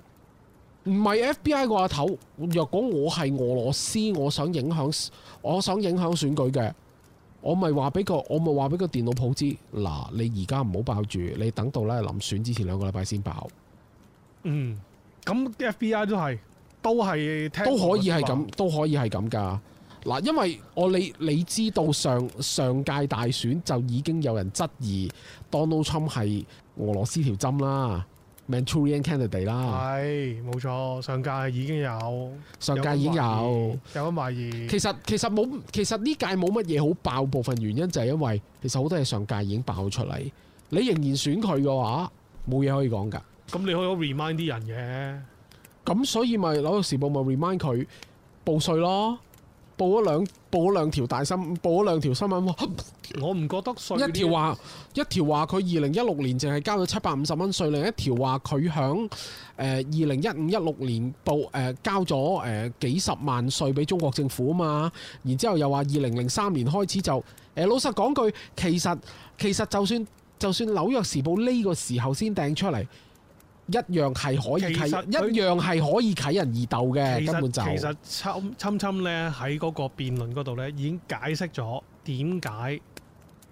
S1: 唔係 FBI 個阿頭。若
S2: 果我係俄羅斯，我想影響，我想影響選舉嘅，我咪話俾個，我咪話俾個電腦鋪知。嗱，你而家唔好爆住，你等到咧臨選之前兩個禮拜先爆。
S1: 嗯，咁啲 FBI 都係，都係
S2: 都可以係咁，都可以係咁噶。嗱，因為我你你知道上上屆大選就已經有人質疑 Donald Trump 係俄羅斯條針啦，Manchurian Candidate 啦，係冇錯，上屆已經有，上屆已經有有咁懷疑。
S1: 有有懷疑其
S2: 實其實冇，其實呢屆冇乜嘢好爆。部分原因就係因為其實好多嘢上屆已經爆出嚟，你仍然選佢嘅話，冇嘢可以講㗎。
S1: 咁你可以 remind 啲人嘅，
S2: 咁所以咪紐約時報咪 remind 佢報稅咯。報咗兩報咗兩條大新聞，報咗兩條新聞，我唔覺得稅，一條話一條話佢二零一六年淨係交咗七百五十蚊稅，另一條話佢響誒二零一五一六年報誒、呃、交咗誒、呃、幾十萬稅俾中國政府啊嘛，然之後又話二零零三年開始就誒、呃、老實講句，其實其實就算就算紐約時報呢個時候先掟出嚟。一樣係可以起，一樣係可以起人疑竇嘅。其實，根本就、其實
S1: 侵侵侵咧喺嗰個辯論嗰度咧，已經解釋咗點解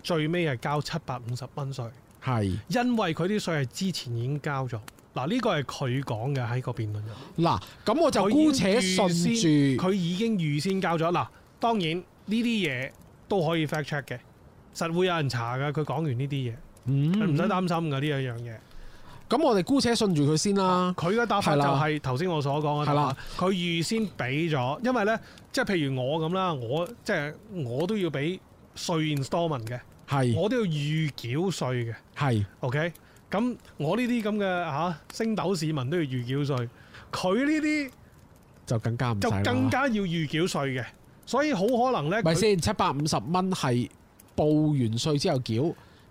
S1: 最尾係交七百五十蚊稅。
S2: 係是
S1: 因為佢啲稅係之前已經交咗。嗱，呢、這個係佢講嘅喺個辯論度。嗱，咁我就姑且信住佢已，已經預先交咗。嗱，當然呢啲嘢都可以 fact check 嘅，實會有人查噶。佢講完呢啲嘢，唔使、嗯嗯、擔心噶呢一樣嘢。
S2: 咁我哋姑且信住佢先啦。佢嘅答法就係
S1: 頭先我所講嘅了。佢預先俾咗，因為咧，即係譬如我咁啦，我即係、就是、我都要俾稅 instalment 嘅。係是，我都要預繳稅嘅。係是，OK 這這。咁我呢啲咁嘅吓星斗市民都要預繳稅，佢呢啲就更加唔使。就更加要預繳稅嘅，所以好可能咧，係先七百五十蚊係
S2: 報完稅之後繳。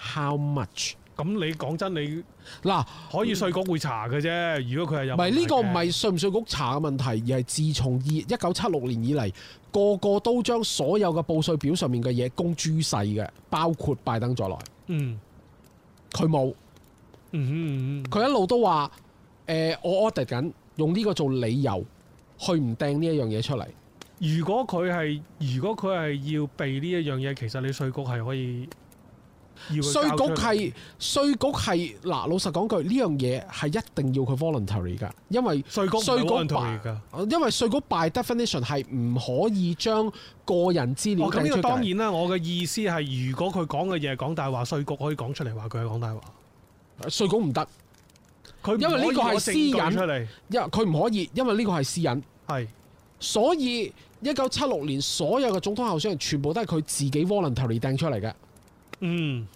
S1: How much？咁你講真你嗱可以稅局會查嘅啫，嗯、如果佢係有。唔係呢個唔係稅
S2: 唔稅局查嘅問題，而係自從二一九七六年以嚟，個個都將所有嘅報稅表上面嘅嘢公諸於世嘅，包括拜登在內。
S1: 嗯，
S2: 佢冇。嗯哼嗯哼嗯哼。佢一路都話誒，我 audit 緊，用呢個做理由去唔掟呢一樣嘢出嚟。
S1: 如果佢係，如果佢係要避呢一樣嘢，其實你稅局係可以。稅局係
S2: 稅局係嗱，老實講句呢樣嘢係一定要佢 voluntary 噶，因為稅局稅局因為稅局 by definition 係唔可以將個人資料哦，咁、哦、當
S1: 然啦，我嘅意思係如果佢講嘅嘢講大話，稅局可以講出嚟話佢係講大話，稅局唔得，佢因為呢個係私隱出嚟，佢唔可以，因為呢個係私隱，係是
S2: 所以一九七六年所有嘅總統候選人全部都係佢自己 voluntary 掟出嚟嘅。嗯，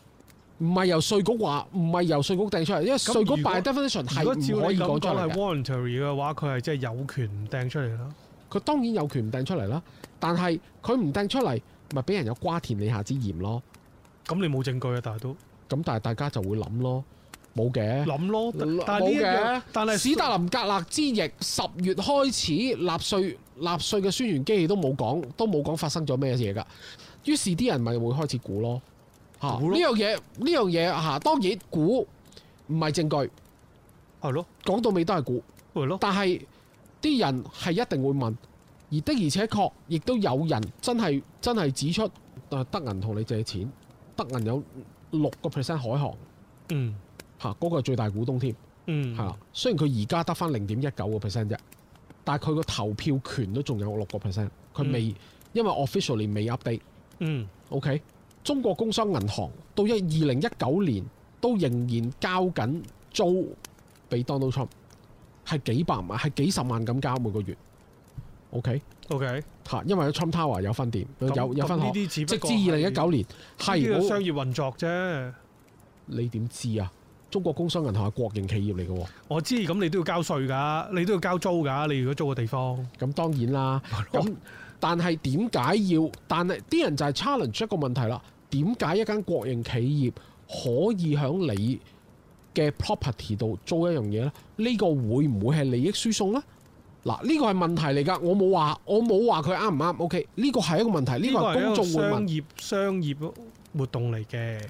S2: 唔係由稅局話，唔係由稅局掟出嚟，因為稅局 by definition 係唔可以講出嚟嘅。如果
S1: 係 voluntary 嘅話，佢係即係有權唔掟出嚟啦。佢
S2: 當然有權唔掟出嚟啦，但係佢唔掟出嚟，咪俾人有瓜田李下之嫌咯。咁你冇證據啊？但係都咁，但係大家就會諗咯，冇嘅
S1: 諗咯，
S2: 但呢嘢，但係的史達林格勒之役十是月開始納稅納稅嘅宣傳機器都冇講，都冇講發生咗咩嘢噶。於是啲人咪會開始估咯。呢樣嘢呢樣嘢吓，當然估唔係證據，係咯的，講到尾都係估，係咯的。但係啲人係一定會問，而的而且確，亦都有人真係真係指出，誒、呃，德銀同你借錢，德銀有六個 percent 海航，嗯，吓、啊，嗰、那個係最大股東添，嗯，吓。雖然佢而家得返零點一九個 percent 啫，但係佢個投票權都仲有六個 percent，佢未，嗯、因為 officially 未 update，嗯，OK。中國工商銀行到一二零一九年都仍然交緊租俾 Donald Trump，係幾百萬，係幾十萬咁交每個月。OK，OK，嚇，因為佢 Trump Tower 有分店，有分店那有分店。呢啲只不過。直至二零一九年係。呢個商業運作啫。你點知啊？中國工商銀行係國營企業嚟嘅喎。
S1: 我知，咁你都要交稅㗎，你都要交租㗎。你如果租個地方，咁當然啦。
S2: 咁的但係點解要？但係啲人就係 challenge 出一個問題啦。點解一間國營企業可以喺你嘅 property 度租一樣嘢呢？呢、呢個會唔會係利益輸送呢？嗱，呢個係問題嚟噶。我冇話，我冇話佢啱唔啱。OK，呢個係一個問題。呢個係公眾
S1: 商業活動嚟嘅，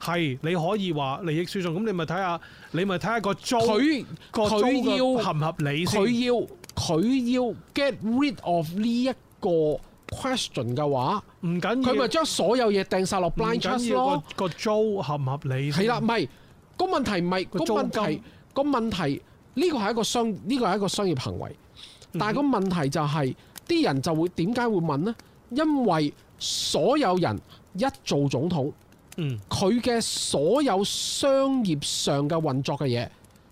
S1: 係你可以話利益輸送。咁你咪睇下，你咪睇下個租，佢佢要的合唔合理，佢要佢要，要 get rid
S2: of 呢一個 question 嘅話。唔緊要，佢咪將所有嘢掟晒落 blind trust 咯。緊、個租合唔合理？係啦，唔係、個問題唔係個,個問題、個問題呢、呢個係一個商呢、呢個係一個商業行為，但係個問題就係、是、啲人就會點解會問呢？因為所有人一做總統，佢嘅、嗯、所有商業上嘅運作嘅嘢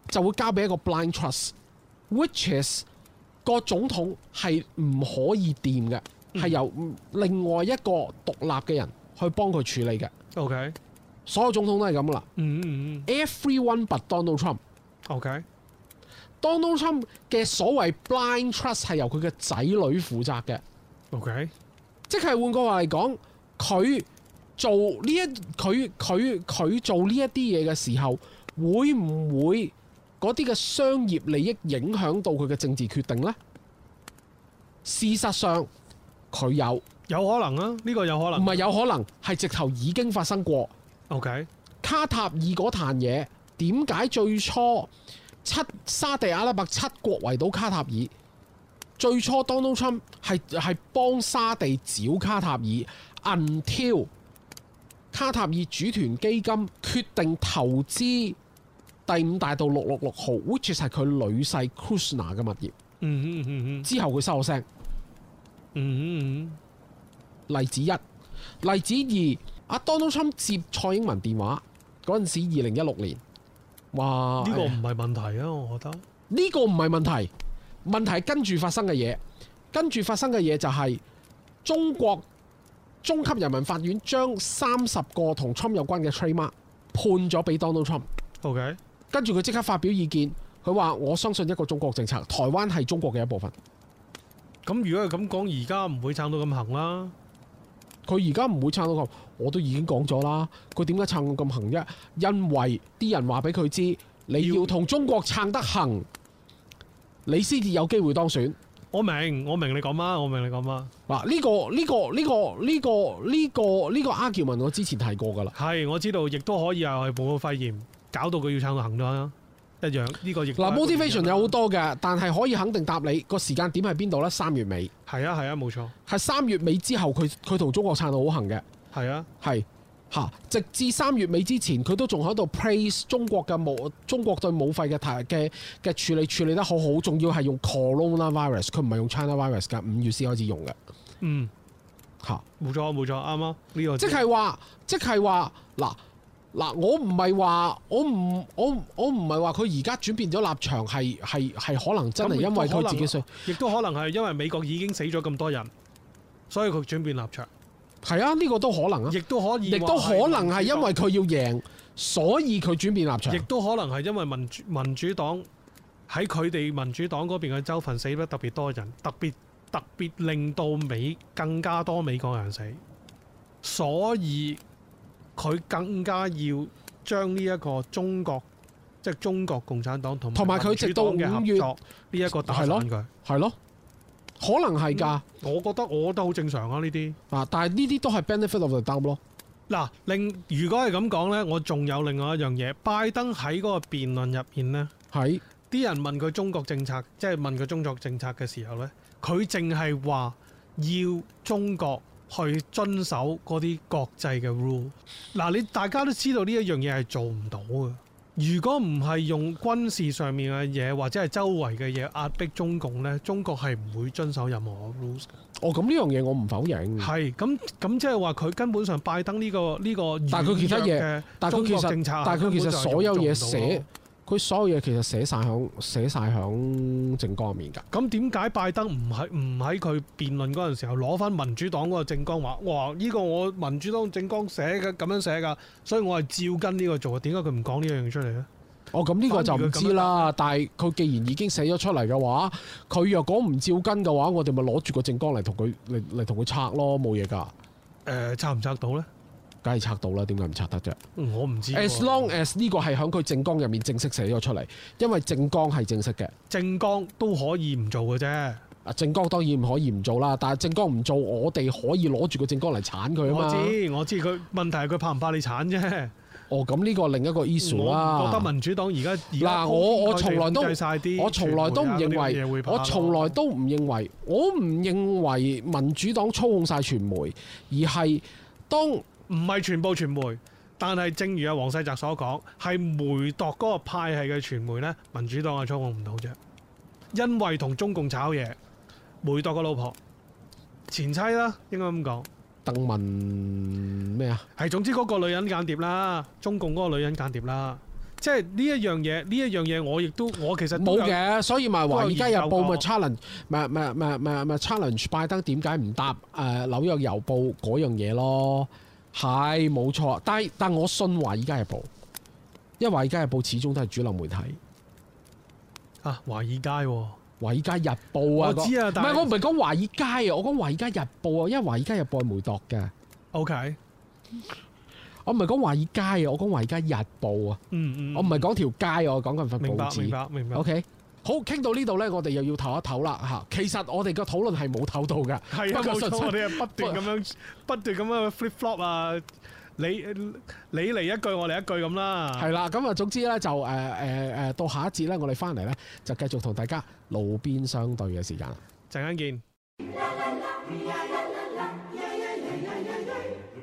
S2: 就會交俾一個 blind trust，which is 個總統係唔可以掂嘅。係由另外一個獨立嘅人去幫佢處理嘅。OK，所有總統都係咁噶啦。嗯嗯嗯。Hmm. Everyone but Donald Trump。OK，Donald Trump 嘅所謂 blind trust 係由佢嘅仔女負責嘅。OK，即係換句話嚟講，佢做呢一佢佢佢做呢一啲嘢嘅時候，會唔會嗰啲嘅商業利益影響到佢嘅政治決定呢？事實上。佢有有可能啊，呢個有可能唔係有可能，係直頭已經發生過。OK，卡塔爾嗰壇嘢，點解最初七沙地阿拉伯七國圍到卡塔爾？最初 Donald Trump 係係幫沙地剿卡塔爾，until 卡塔爾主權基金決定投資第五大道六六六號，which 係佢女婿 Kushner 嘅物業。嗯嗯嗯，之後佢收咗聲。嗯，嗯，例子一，例子二，阿 Donald Trump 接蔡英文電話嗰陣時，二零一六年，哇，呢個唔係問題啊，哎、呀我覺得呢個唔係問題，問題係跟住發生嘅嘢，跟住發生嘅嘢就係中國中級人民法院將三十個同 Trump 有關嘅 trademark 判咗俾 Donald Trump，OK，Okay .跟住佢即刻發表意見，佢話我相信一個中國政策，台灣係中國嘅一部分。
S1: 咁如果係咁講，而家唔會撐到咁行啦、啊。佢而家唔會撐到咁，我都已
S2: 經講咗啦。佢點解撐到咁行？啫？因為啲人話俾佢知，你要同中國撐得行，要你先至有機會當選。
S1: 我明，我明你講啊，我明你講啊。嗱、這個，呢、這個
S2: 呢、這個呢、這個呢、這個呢、這個呢、這個 argument，我之前提過
S1: 噶啦。係，我知道，亦都可以係報個肺炎搞到佢要撐到行啦、啊。一樣呢、這個亦嗱 motivation 有
S2: 好多嘅，但係可以肯定答你個時間點係邊度咧？三月尾係啊，係啊，冇錯。係三月尾之後，佢佢同中國撐到好行嘅。係啊，係吓，直至三月尾之前，佢都仲喺度 praise 中國嘅，冇中國對武肺嘅嘅嘅處理處理得好好，仲要係用 coronavirus，佢唔係用 china virus 㗎，五月先開始用嘅。嗯，吓下，
S1: 冇錯冇錯，啱啊，呢個即係話，
S2: 即係話嗱。嗱，我唔係話，我唔，我我唔係話佢而家轉變咗立場，係係可能真係因為佢自己衰，
S1: 亦都可能係、啊、因為美國已經死咗咁多人，所以佢轉變立場。
S2: 係啊，呢個都可能啊，亦都可以，亦都可能係因為佢要贏，所以佢轉變立場。亦
S1: 都可能係因為民主民主黨喺佢哋民主黨嗰邊嘅州份死得特別多人，特別特別令到美更加多美國人死，所以。佢更加要將呢一個中國，即係中國共產黨同埋民主黨嘅合作呢一個答案佢，係咯，可能
S2: 係㗎、嗯。我覺得我覺得好正常啊呢啲。啊，但係呢啲都係 benefit of the doubt 咯。
S1: 嗱、啊，另如果係咁講呢，我仲有另外一樣嘢，拜登喺嗰個辯論入面咧，啲人問佢中國政策，即係問佢中國政策嘅時候呢，佢淨係話要中國。去遵守嗰啲國際嘅 rule，嗱，你大家都知道呢一樣嘢係做唔到嘅。如果唔係用軍事上面嘅嘢，或者係周圍嘅嘢壓迫中共咧，中國係唔會遵守任何 rule 嘅。哦，咁呢樣嘢我唔否認。係，咁咁即係話佢根本上拜登呢個呢個，這個、但係佢其他嘢，但係佢其實，但係佢其實所有嘢寫。
S2: 佢所有嘢其實寫晒響寫曬響政綱入面噶。
S1: 咁點解拜登唔喺唔喺佢辯論嗰陣時候攞翻民主黨嗰個政綱話？哇！呢個我民主黨政綱寫嘅咁樣寫噶，所以我係照跟呢個做。點解佢唔講呢樣嘢出嚟咧？
S2: 哦，咁呢個就唔知啦。但係佢既然已經寫咗出嚟嘅話，佢若果唔照跟嘅話，我哋咪攞住個政綱嚟同佢嚟同佢拆咯，冇嘢噶。
S1: 誒、呃，拆唔拆到呢？
S2: 梗係拆到啦，點解唔拆得啫？
S1: 我唔知。啊、as
S2: long as 呢個係響佢政綱入面正式寫咗出嚟，因為政綱係正式嘅。政綱都可以唔做嘅啫。啊，政綱當然唔可以唔做啦，但係政綱唔做，我哋可以攞住個政綱嚟鏟佢啊嘛。我。我知，
S1: 我知，佢問題係佢怕唔怕你鏟啫？哦，咁呢個另一個 issue 啦。我覺得民主黨而家嗱，喇我我從來都我從來都唔認為，我從來都唔認為，我唔認為民主黨操控晒傳媒，而係當。唔係全部傳媒，但係正如啊黃世澤所講，係梅鐸嗰個派系嘅傳媒咧，民主黨係操控唔到啫。因為同中共炒嘢，梅鐸個老婆前妻啦，應該咁講。鄧文咩啊？係總之嗰個女人間諜啦，中共嗰個女人間諜啦。即係呢一樣嘢，呢一樣嘢我亦都我其實冇嘅。所以咪話，而家有報咪
S2: challenge 咪咪咪咪咪 challenge 拜登點解唔答誒、呃、紐約郵報嗰樣嘢咯？係冇錯，但係但我信華爾街日報，因為華爾街日報始終都係主流媒體。
S1: 啊，華爾街、喔，華爾街日報啊，我知啊，那但係我唔
S2: 係講華爾街啊，我講華爾街日報啊，因為華爾街日報係梅鐸嘅。O Okay . K，我唔係講華爾街啊，我講華爾街日報啊。嗯嗯，嗯嗯我唔係講條街，我講緊份報紙。明白明白明白。O K。好，傾到呢度咧，我哋又要唞一唞啦嚇。其實我哋個討論係冇唞到嘅，係啊，不斷咁
S1: 樣 不斷咁樣 flip flop 啊，你你嚟一句，我嚟一句咁啦。係
S2: 啦，咁啊總之咧就誒誒誒，到下一節咧，我哋翻嚟咧就繼續同大家爐邊相對嘅時間啦。陣間見。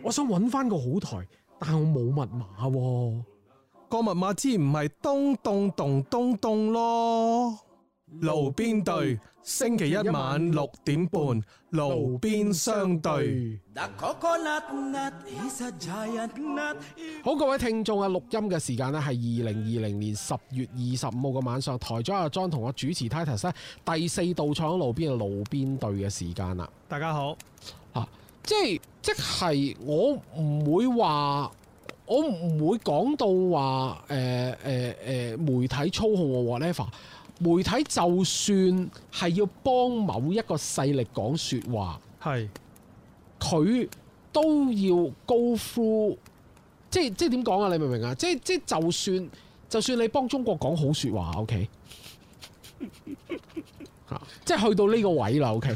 S1: 我想揾翻個好台，但係我冇密碼喎。個密碼字唔係東東東東東咯。爐邊對，星期一晚六點半，爐邊相
S2: 對。好，各位聽眾啊，錄音嘅時間呢係二零二零年十月二十五號嘅晚上，台長阿 John 同我主持 Titus 第四度創喺爐邊嘅爐邊對嘅時間啦。大家好，啊，即係即係，我唔會話。我唔會講到話誒誒誒媒體操控我 whatever。媒體就算係要幫某一個勢力講説話，係佢是都要 go through—— 即係即係點講啊？你明唔明啊？即係即係就算就算你幫中國講好説話，OK，嚇， 即係去到呢個位啦，OK，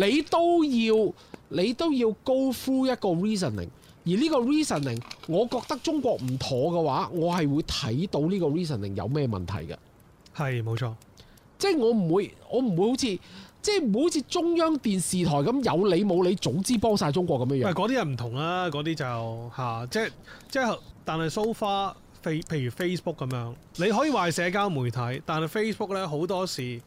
S2: 你都要你都要 go through 一個 reasoning。而呢個 reasoning，我覺得中國唔妥嘅話，我係會睇到呢個 reasoning 有咩問題嘅。係冇錯，即係我唔會，我唔會好似，即係唔會好似中央電視台咁有理冇理，總之幫晒中國咁樣樣。唔係
S1: 嗰啲人唔同啦、啊，嗰啲就嚇、啊，即係但係 so far，譬如 Facebook 咁樣，你可以話係社交媒體，但係 Facebook 呢，好多時。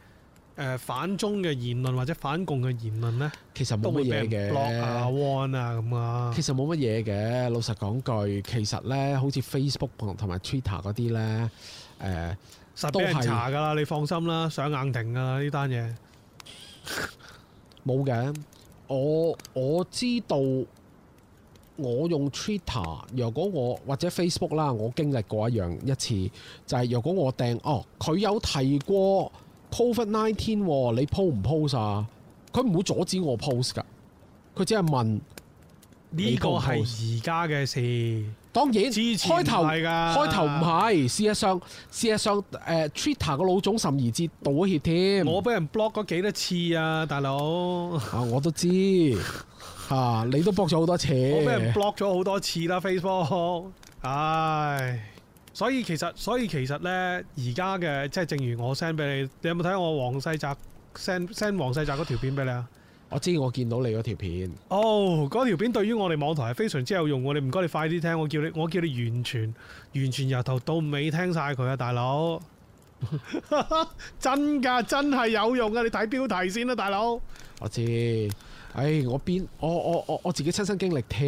S1: 誒、呃、反中嘅言論或者反共嘅言論咧，其實冇乜嘢嘅。block 啊
S2: ，warn 啊，咁啊，啊其實冇乜嘢嘅。老實講句，其實咧，好似 Facebook 同埋 Twitter 嗰啲咧，誒、呃，都係查
S1: 㗎啦。你放心啦，上硬庭㗎啦呢單嘢。
S2: 冇嘅，我我知道，我用 Twitter。若果我或者 Facebook 啦，我經歷過一樣一次，就係、是、若果我訂哦，佢有提過。COVID nineteen，你 post 唔 post 啊？佢唔會阻止我 post 噶，佢只係問
S1: 呢個係而家嘅事。
S2: 當然，開頭係噶，開頭唔係。事實上，事實上，誒、uh,，Twitter 個老總甚而至道歉添。我俾人 block 咗幾多次啊，大佬！啊， 我都知啊，你都 block 咗好多次。我俾人 block
S1: 咗好多次啦，Facebook，哎。唉。所以其實，所以其實呢，而家嘅即係正如我 send 俾你，你有冇睇我黃世澤 send send 黃世澤嗰條片俾你啊？我知，我見到你嗰條片。哦，嗰條片對於我哋網台係非常之有用喎！你唔該，你快啲聽我叫你，我叫你完全完全由頭到尾聽晒佢 啊，大佬！真㗎，真係有用呀。你睇標題先啦，大佬。我知。
S2: 誒，我邊我我我我自己親身經歷添，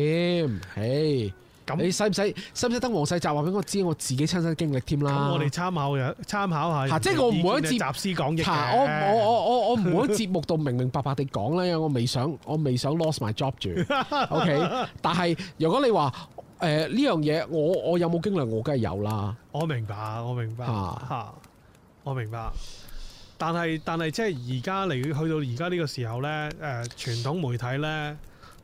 S2: 誒。嘿。咁你使唔使使唔使登黃世澤話俾我知，我自己親身經歷添啦。我哋
S1: 參考參考
S2: 下。即係我唔會喺節集思講嘅。我我我我我唔會喺節目度明明白白地講啦，因為 我未想我未想 lost my job 住，okay？ O K，但係如果你話誒呢樣嘢，我我有冇經歷，我梗係有啦。
S1: 我明白，我明白，啊啊、我明白。但係但係，即係而家嚟去到而家呢個時候咧，誒、呃，傳統媒體咧。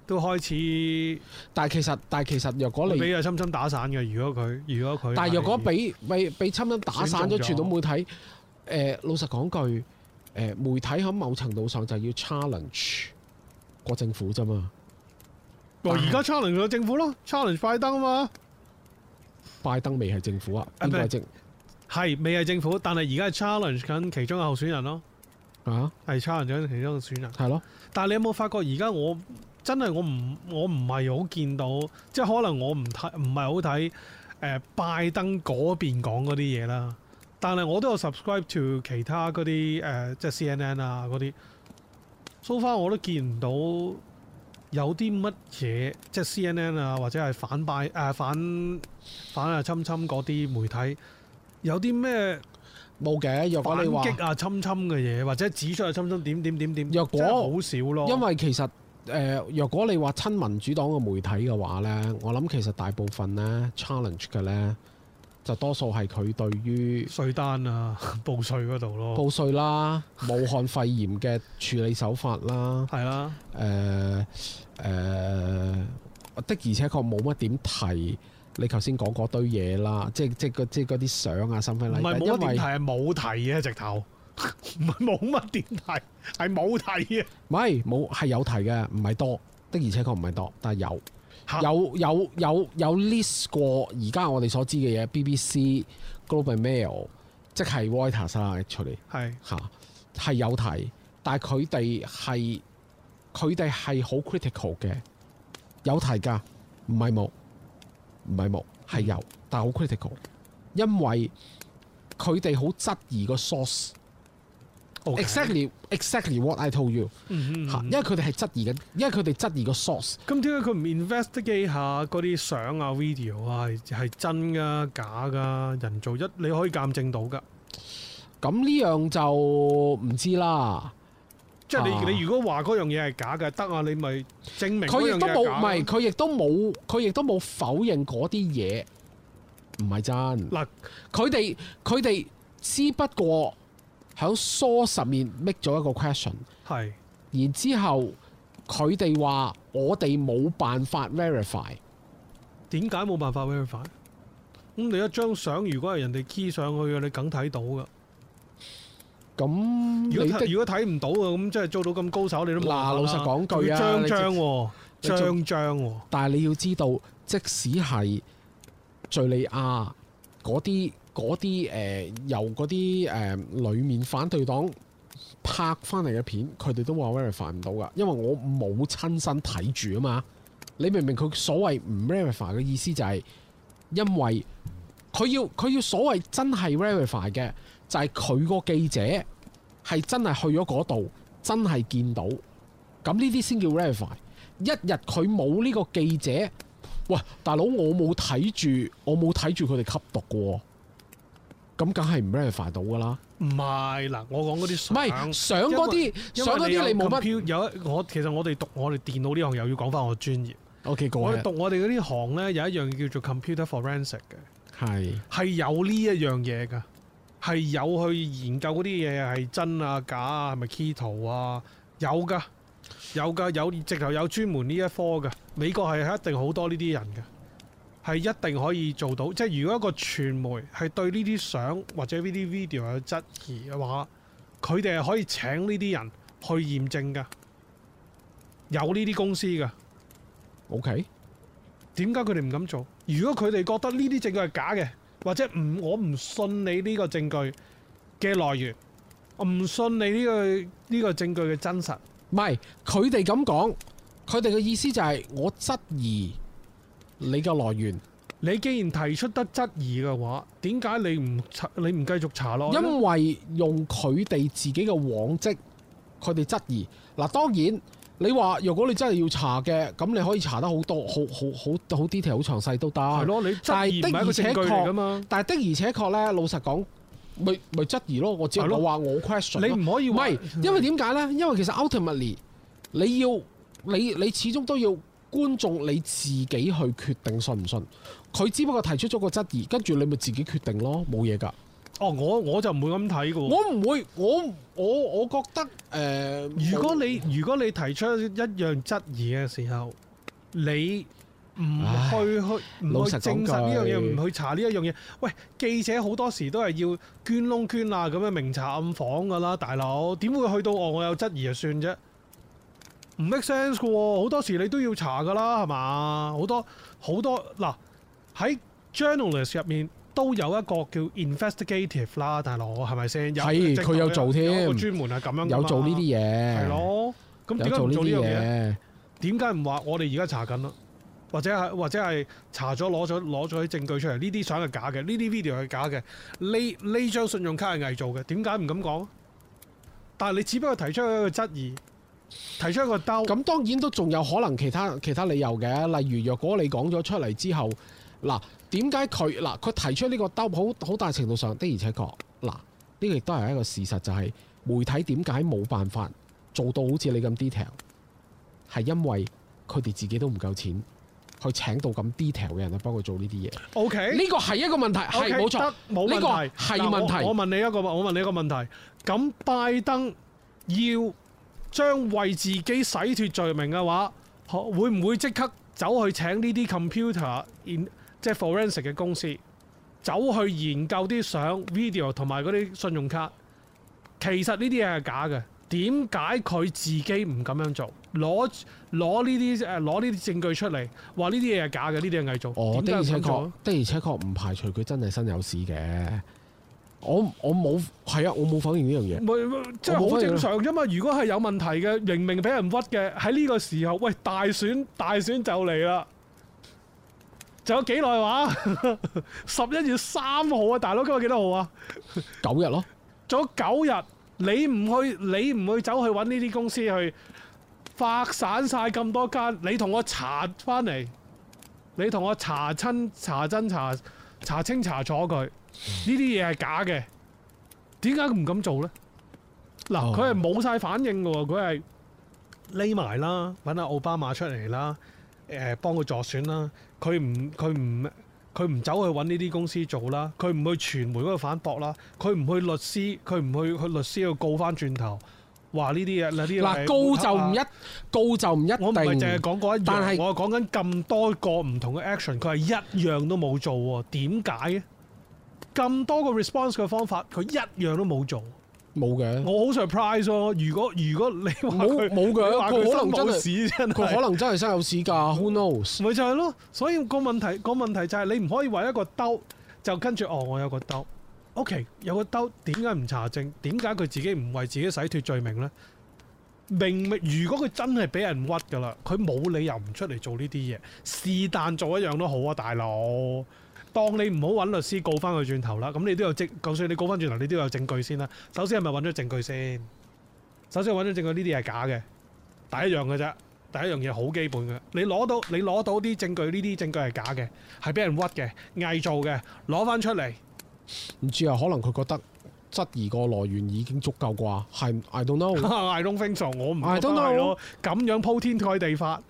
S1: 都開始，但係其實，但係其實，若果你俾啊，深深打散嘅。如果佢，如果佢，但係若果俾
S2: 咪俾，深深打散咗，傳統媒體。誒，老實講句，誒、呃，媒體喺某程度上就要 challenge
S1: 個政府啫嘛。而家、呃、但 challenge 個政府咯，challenge 拜登嘛。拜登未係政府啊？邊個係政？係未係政府，但係而家係 challenge 緊其中嘅候選人咯。啊，係 challenge 緊其中嘅選人。係咯，但係你有冇發覺而家我？真係我唔我唔係好見到，即係可能我唔睇唔係好睇誒拜登嗰邊講嗰啲嘢啦。但係我都有 subscribe to 其他嗰啲誒，即係 CNN 啊嗰啲。So far，我都見唔到有啲乜嘢，即係 CNN 啊或者係反拜誒、呃、反反啊侵侵嗰啲媒體有啲咩冇嘅若果反擊啊侵侵嘅嘢，或者指出去侵侵點點點點，真係好少咯，因
S2: 為其實。誒，若、呃、果你話親民主黨嘅媒體嘅話呢，我諗其實大部分呢 challenge 嘅呢，就多數係佢對於稅單啊
S1: 報稅嗰度咯，報
S2: 稅啦，武漢肺炎嘅處理手法啦，係是啦、呃呃，的而且確冇乜點提你頭先講嗰堆嘢啦，即係即係嗰啲相啊、身份啦，唔係冇提係
S1: 冇為提嘅直頭。唔係冇乜點睇，係冇睇嘅。唔係冇，
S2: 係有睇嘅，唔係多，的而且確唔係多，但係有哈有有有有 list 過而家我哋所知嘅嘢，BBC、Global Mail，即係 Reuters 出嚟，係吓係有睇，但係佢哋係佢哋係好 critical 嘅，有睇㗎，唔係冇，唔係冇，係有，但係好 critical，因為佢哋好質疑個 source。Exactly, exactly what I told you，嗯。
S1: 嚇、嗯，因為佢哋
S2: 係質疑緊，因為佢哋質疑個 source。
S1: 咁點解佢唔 investigate 下嗰啲相啊 video 啊係真㗎？假㗎、人做一你可以鑑證到㗎。咁呢樣就唔知啦。即係你你如果話嗰樣嘢係假嘅，得啊，啊，你咪證明。佢亦都冇，唔係
S2: 佢亦都冇，佢亦都冇否認嗰啲嘢。唔係真嗱，佢哋佢哋之不過。喺梳上面 make 咗一個 question，係是，然之後佢哋話我哋冇辦法 verify，
S1: 點解冇辦法 verify？咁你一張相如果係人哋 key 上去嘅，你梗睇到噶。
S2: 咁如果如
S1: 果睇唔到嘅，咁即係做到咁高手，你都冇嗱，老實講句啊，張張你張張喎，張張喎。直
S2: 張張但係你要知道，即使係敍利亞嗰啲。嗰啲誒由啲誒裏面反對黨拍翻嚟嘅片，佢哋都話 verify 唔到噶，因為我冇親身睇住啊嘛。你明唔明佢所謂唔 verify 嘅意思就係因為佢要佢要所謂真係 verify 嘅，就係佢個記者係真係去咗嗰度，真係見到。咁呢啲先叫 verify。一日佢冇呢個記者，喂大佬，我冇睇住，我冇睇住佢哋吸毒噶。咁梗係唔 r e f i 到噶
S1: 啦？唔係嗱，我講嗰啲相，相嗰啲，上嗰啲你冇乜。有一我其實我哋讀我哋電腦呢行又要講翻我專業。O K，我哋讀我哋嗰啲行咧有一樣叫做 computer forensic 嘅，係係有呢一樣嘢噶，係有去研究嗰啲嘢係真啊假啊，係咪 k e t o 啊？有噶，有噶，有直頭有專門呢一科嘅。美國係一定好多呢啲人嘅。係一定可以做到，即係如果一個傳媒係對呢啲相或者呢啲 video 有質疑嘅話，佢哋係可以請呢啲人去驗證噶，有呢啲公司噶。OK，點解佢哋唔敢做？如果佢哋覺得呢啲證據係假嘅，或者唔我唔信你呢個證據嘅來源，唔信你呢個呢個證據嘅真實，唔係佢哋咁講，佢哋嘅意思就係我質疑。你嘅來源，你既然提出得質疑嘅話，點解你唔你唔繼續查咯？因
S2: 為用佢哋自己嘅往績，佢哋質疑。嗱、啊，當然你話，如果你真係要查嘅，咁你可以查得好多，好好好好 detail 好詳細都得。係咯，你質疑唔係一個證據嚟㗎嘛？但係的而且確呢，老實講，咪咪質疑咯。我只係的我話我 question。你唔可以唔係，因為點解呢？ 因為其實 ultimately，你要你你，你始終都要。觀眾你自己去決定信唔信，佢只不過提出咗個質疑，跟住你咪自己決定咯，冇嘢㗎。哦，
S1: 我我就唔會咁睇嘅。我唔會，我我我覺得誒，呃、如果你如果你提出一樣質疑嘅時候，你唔去唉不去唔去證實呢樣嘢，唔去查呢一樣嘢，喂，記者好多時都係要捐窿捐罅，咁樣明查暗訪㗎啦，大佬點會去到我我有質疑就算啫？唔 make sense 嘅喎，好多時你都要查嘅啦，係嘛？好多好多嗱，喺 journalist 入面都有一個叫 investigative 啦，大佬係咪先？係，佢有做添，有專門係咁樣，有做呢啲嘢。係咯，咁
S2: 點解做呢樣嘢？
S1: 點解唔話我哋而家查緊咯？或者係或者係查咗攞咗攞咗啲證據出嚟？呢啲相係假嘅，呢啲 video 係假嘅，呢呢張信用卡係偽造嘅。點解唔敢講？但係你只不過提出一個質疑。提出一個
S2: 兜，咁當然都仲有可能其他其他理由嘅，例如若果你講咗出嚟之後，嗱，點解佢嗱佢提出呢個兜，好好大程度上的而且確，嗱呢個亦都係一個事實，就係媒體點解冇辦法做到好似你咁 detail，係因為佢哋自己都唔夠錢去請到咁 detail 嘅人啊，包括做呢啲
S1: 嘢。Okay，呢個係一個問題，係冇錯，冇、okay，問題，係問題我。我問你一個我問你一個問題，咁拜登要？將為自己洗脱罪名嘅話，會唔會即刻走去請呢啲 computer 研即係 forensic 嘅公司走去研究啲相 video 同埋嗰啲信用卡？其實呢啲嘢係假嘅。點解佢自己唔咁樣做？攞攞呢啲攞呢啲證據出嚟，話呢啲嘢係假嘅，呢啲嘢係偽造。的而且確
S2: 的而且確唔排除佢真係身有屎嘅。我我冇係啊！我冇否認呢樣嘢。
S1: 唔係，即係好正常啫嘛。如果係有問題嘅，明明俾人屈嘅，喺呢個時候，喂，大選大選就嚟啦。仲有幾耐話？十 一月三號啊，大佬今日幾多號啊？ 九日咯，啊，仲有九日，你唔去，你唔去走去揾呢啲公司去發散晒咁多間，你同我查翻嚟，你同我查親查真查查清查楚佢。呢啲嘢係假嘅，點解佢唔敢做咧？嗱，佢係冇晒反應嘅，佢係匿埋啦，搵阿奧巴馬出嚟啦，誒，幫佢助選啦，佢唔佢唔佢唔走去搵呢啲公司做啦，佢唔去傳媒嗰度反駁啦，佢唔去律師，佢唔去去律師度告翻轉頭，話呢啲嘢嗱啲嘢，嗱告就唔一，告就唔一，我唔係淨係講過一樣，但係我係講緊咁多個唔同嘅 action，佢係一樣都冇做喎，點解？咁多個 response 嘅方法，佢一樣都冇做，冇嘅。我好 surprise 哦！如果如果你冇冇嘅，佢說可能真係佢可能真係身有屎㗎。Who knows？咪就係咯，所以個問題個問題就係你唔可以話一個兜就跟住哦，我有個兜，OK，有個兜，點解唔查證？點解佢自己唔為自己洗脫罪名咧？明明如果佢真係俾人屈㗎啦，佢冇理由唔出嚟做呢啲嘢，是但做一樣都好啊，大佬。當你唔好揾律師告翻佢轉頭啦，咁你都有證。就算你告翻轉頭，你都有證據先啦。首先係咪揾咗證據先？首先揾咗證據，呢啲係假嘅，第一樣嘅啫。第一樣嘢好基本嘅，你攞到你攞到啲證據，呢啲證據係假嘅，係俾人屈嘅、偽造嘅，攞翻出嚟。
S2: 唔知啊，可能佢覺得質疑個
S1: 來源已經足夠啩？係，I don't know。I don't know。 I don't think so。我唔知。我唔係咁樣鋪天蓋地發。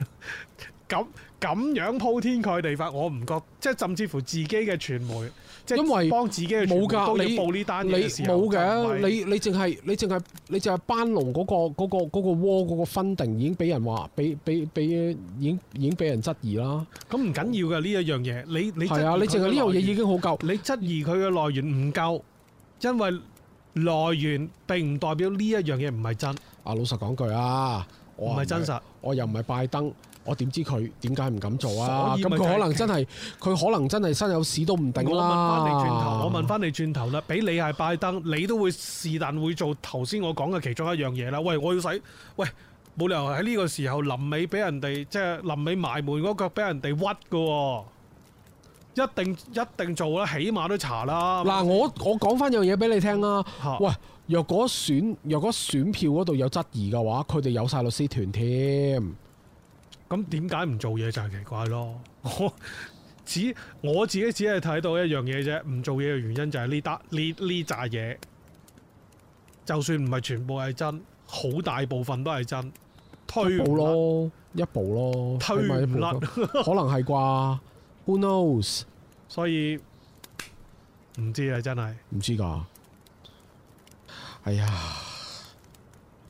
S1: 咁咁樣鋪天蓋地法，我唔覺，即係甚至乎自己嘅傳媒，即係因為 幫自己嘅傳媒報你報呢單嘢嘅時候，冇嘅，你你
S2: 淨係你淨係你淨係班農嗰個嗰個嗰個窩嗰個分定已經俾人話，俾俾俾已經已經俾人質疑啦。
S1: 咁唔緊要嘅呢一樣嘢，你你係啊？你淨係呢樣嘢已經好夠，你質疑佢嘅來源唔夠，因為來源並唔代表呢一樣嘢唔係真。啊，老實講句啊，我唔係真實，
S2: 我，我又唔係拜登。我點知佢點解唔敢做啊？咁佢所以 可能真係，佢奇可能真係身有屎都唔定啦。我問翻你轉頭，我
S1: 問翻你轉頭啦。俾你係拜登，你都會是但會做頭先我講嘅其中一樣嘢啦。喂，我要使喂，冇理由喺呢個時候臨尾俾人哋即係臨尾埋門嗰腳俾人哋屈噶。一定一定做啦，起碼都查啦。嗱喇，
S2: 我我講翻樣嘢俾你聽啦。喂，若果選若果選票嗰度有質疑嘅話，佢哋有晒律師團添。
S1: 咁點解唔做嘢就係奇怪咯？我只我自己只係睇到一樣嘢啫，唔做嘢嘅原因就係呢單呢呢扎嘢，就算唔係全部係真，好大部分都係真，推唔落
S2: 一,一步咯，推唔落，可能係啩 ？Who knows？
S1: 所以唔知啊，真係
S2: 唔知㗎。哎呀～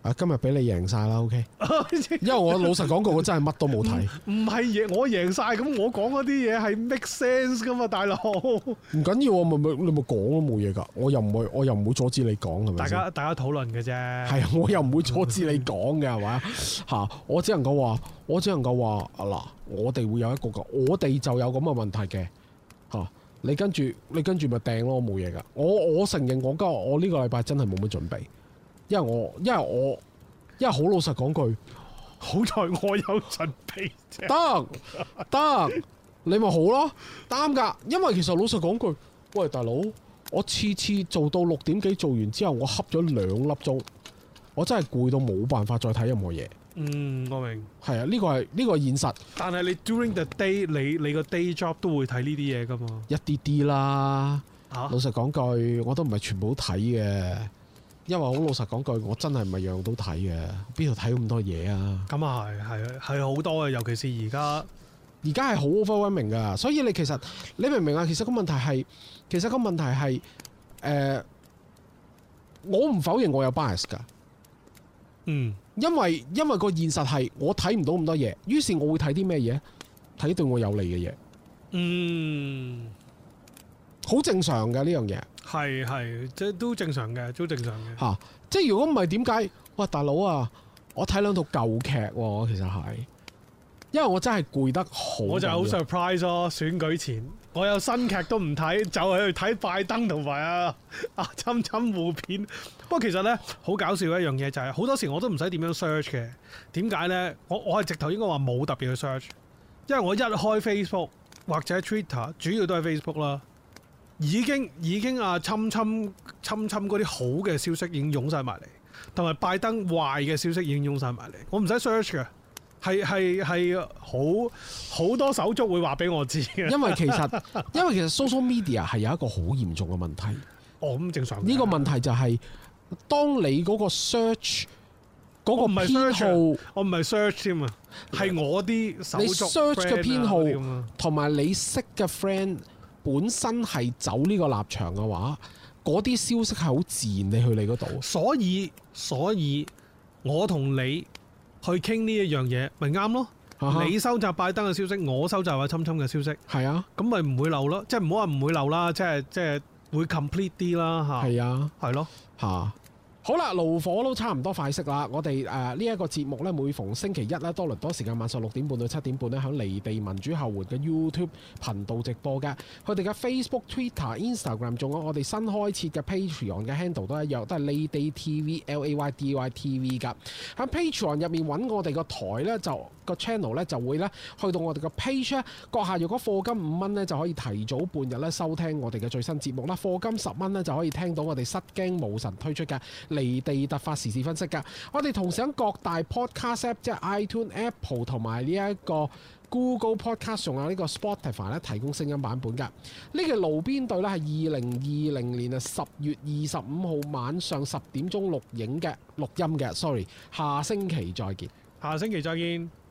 S2: 啊！今日俾你贏晒啦，OK？
S1: 因為我老實講
S2: 句，我真係乜都冇睇。
S1: 唔係贏我贏晒，咁我講嗰啲嘢係 make sense 噶嘛，大佬。唔
S2: 緊要，咪咪你咪講都冇嘢㗎，我又唔會我又唔會阻止你講係咪？大家
S1: 大家討論嘅啫。係，我又唔會阻止你講嘅係咪啊？
S2: 嚇！我只能夠話，我只能夠話，啊嗱，我哋會有一個㗎，我哋就有咁嘅問題嘅嚇、啊。你跟住你跟住咪掟咯，冇嘢㗎。我我承認我今日我呢個禮拜真係冇乜準備。因為我，因為我，因為好老實講句，好在我有準備啫。得得，你咪好咯，擔架。因為其實老實講句，喂，大佬，我次次做到六點幾做完之後，我恰咗兩粒鐘，我真係攰到冇辦法再睇任何嘢。
S1: 嗯，我明。
S2: 係啊，呢個係呢個係現實。
S1: 但係你 during the day，你你個 day job 都會睇呢啲嘢噶嘛？
S2: 一啲啲啦，啊、老實講句，我都唔係全部睇嘅。因為好老實講句，我真係唔係樣樣都睇嘅，邊度睇咁多嘢啊？咁啊係係係好多嘅，尤其是而家而家係好 feminine 噶，所以你其實你明唔明啊？其實個問題係其實個問題係誒、呃，我唔否認我有 bias 㗎。嗯，因，因為因為個現實係我睇唔到咁多嘢，於是我會睇啲咩嘢？睇對我有利嘅嘢。嗯，好正常㗎呢樣嘢。
S1: 係係，即都正常嘅，都正常嘅。
S2: 嚇、啊！即係如果唔係點解？哇！大佬啊，我睇兩套舊劇喎，其實係，因為我真係攰得好。我就好
S1: surprise 咯！選舉前，我有新劇都唔睇，就係、去睇拜登同埋啊啊，侵侵互片。 不過其實呢，好搞笑一樣嘢就係、係，好多時我都唔使點樣 search 嘅。點解呢？我我係直頭應該話冇特別去 search，因為我一開 Facebook 或者 Twitter，主要都係 Facebook 啦。已經已經啊，侵侵侵侵嗰啲好嘅消息已經湧晒埋嚟，同埋拜登壞嘅消息已經湧晒埋嚟。我唔使 search 嘅，係係係好好多手足會話俾我知嘅。因為其實
S2: 因為其實 social media 係有一個好嚴重嘅問題。哦咁正常。呢個問題就係、是、當你嗰個 search 嗰個偏好，我唔係 search
S1: 添啊，係我啲手足，你 search 嘅偏好，
S2: 同埋你識嘅 friend。本身係走呢個立場嘅話，嗰啲消息係好自然，你
S1: 去你嗰度。所以，所以我同你去傾呢一樣嘢，咪啱咯？哈哈你收集拜登嘅消息，我收集阿侵侵嘅消息，係啊，咁咪唔會漏咯。即係唔好話唔會漏啦，即係即係會 complete 啲啦，嚇。係啊，係咯，嚇、啊。
S2: 好啦，爐火都差唔多快熄啦。我哋誒、呃這個、呢一個節目咧，每逢星期一咧，多倫多時間晚上六點半到七點半咧，喺離地民主後援嘅 YouTube 頻道直播嘅。佢哋嘅 Facebook、Twitter、Instagram 仲有我哋新開設嘅 Patreon 嘅 Handle 都一樣，都係 LayDayTV, l a y d y t v L A Y D Y T V 噶。喺 Patreon 入面揾我哋個台呢就。個 channel 咧就會咧去到我哋個 page 咧。閣下如果課金五蚊咧，就可以提早半日咧收聽我哋嘅最新節目啦。課金十蚊咧就可以聽到我哋失驚無神推出嘅離地突發時事分析嘅。我哋同時喺各大 podcast app，即 une, Apple, podcast 即係 iTune、Apple 同埋呢一個 Google Podcast 仲有呢個 Spotify 咧提供聲音版本嘅呢、這個爐邊對咧係二零二零年啊十月二十五號晚上十點鐘錄影嘅錄音嘅。Sorry，下星期再見。
S1: 下星期再見。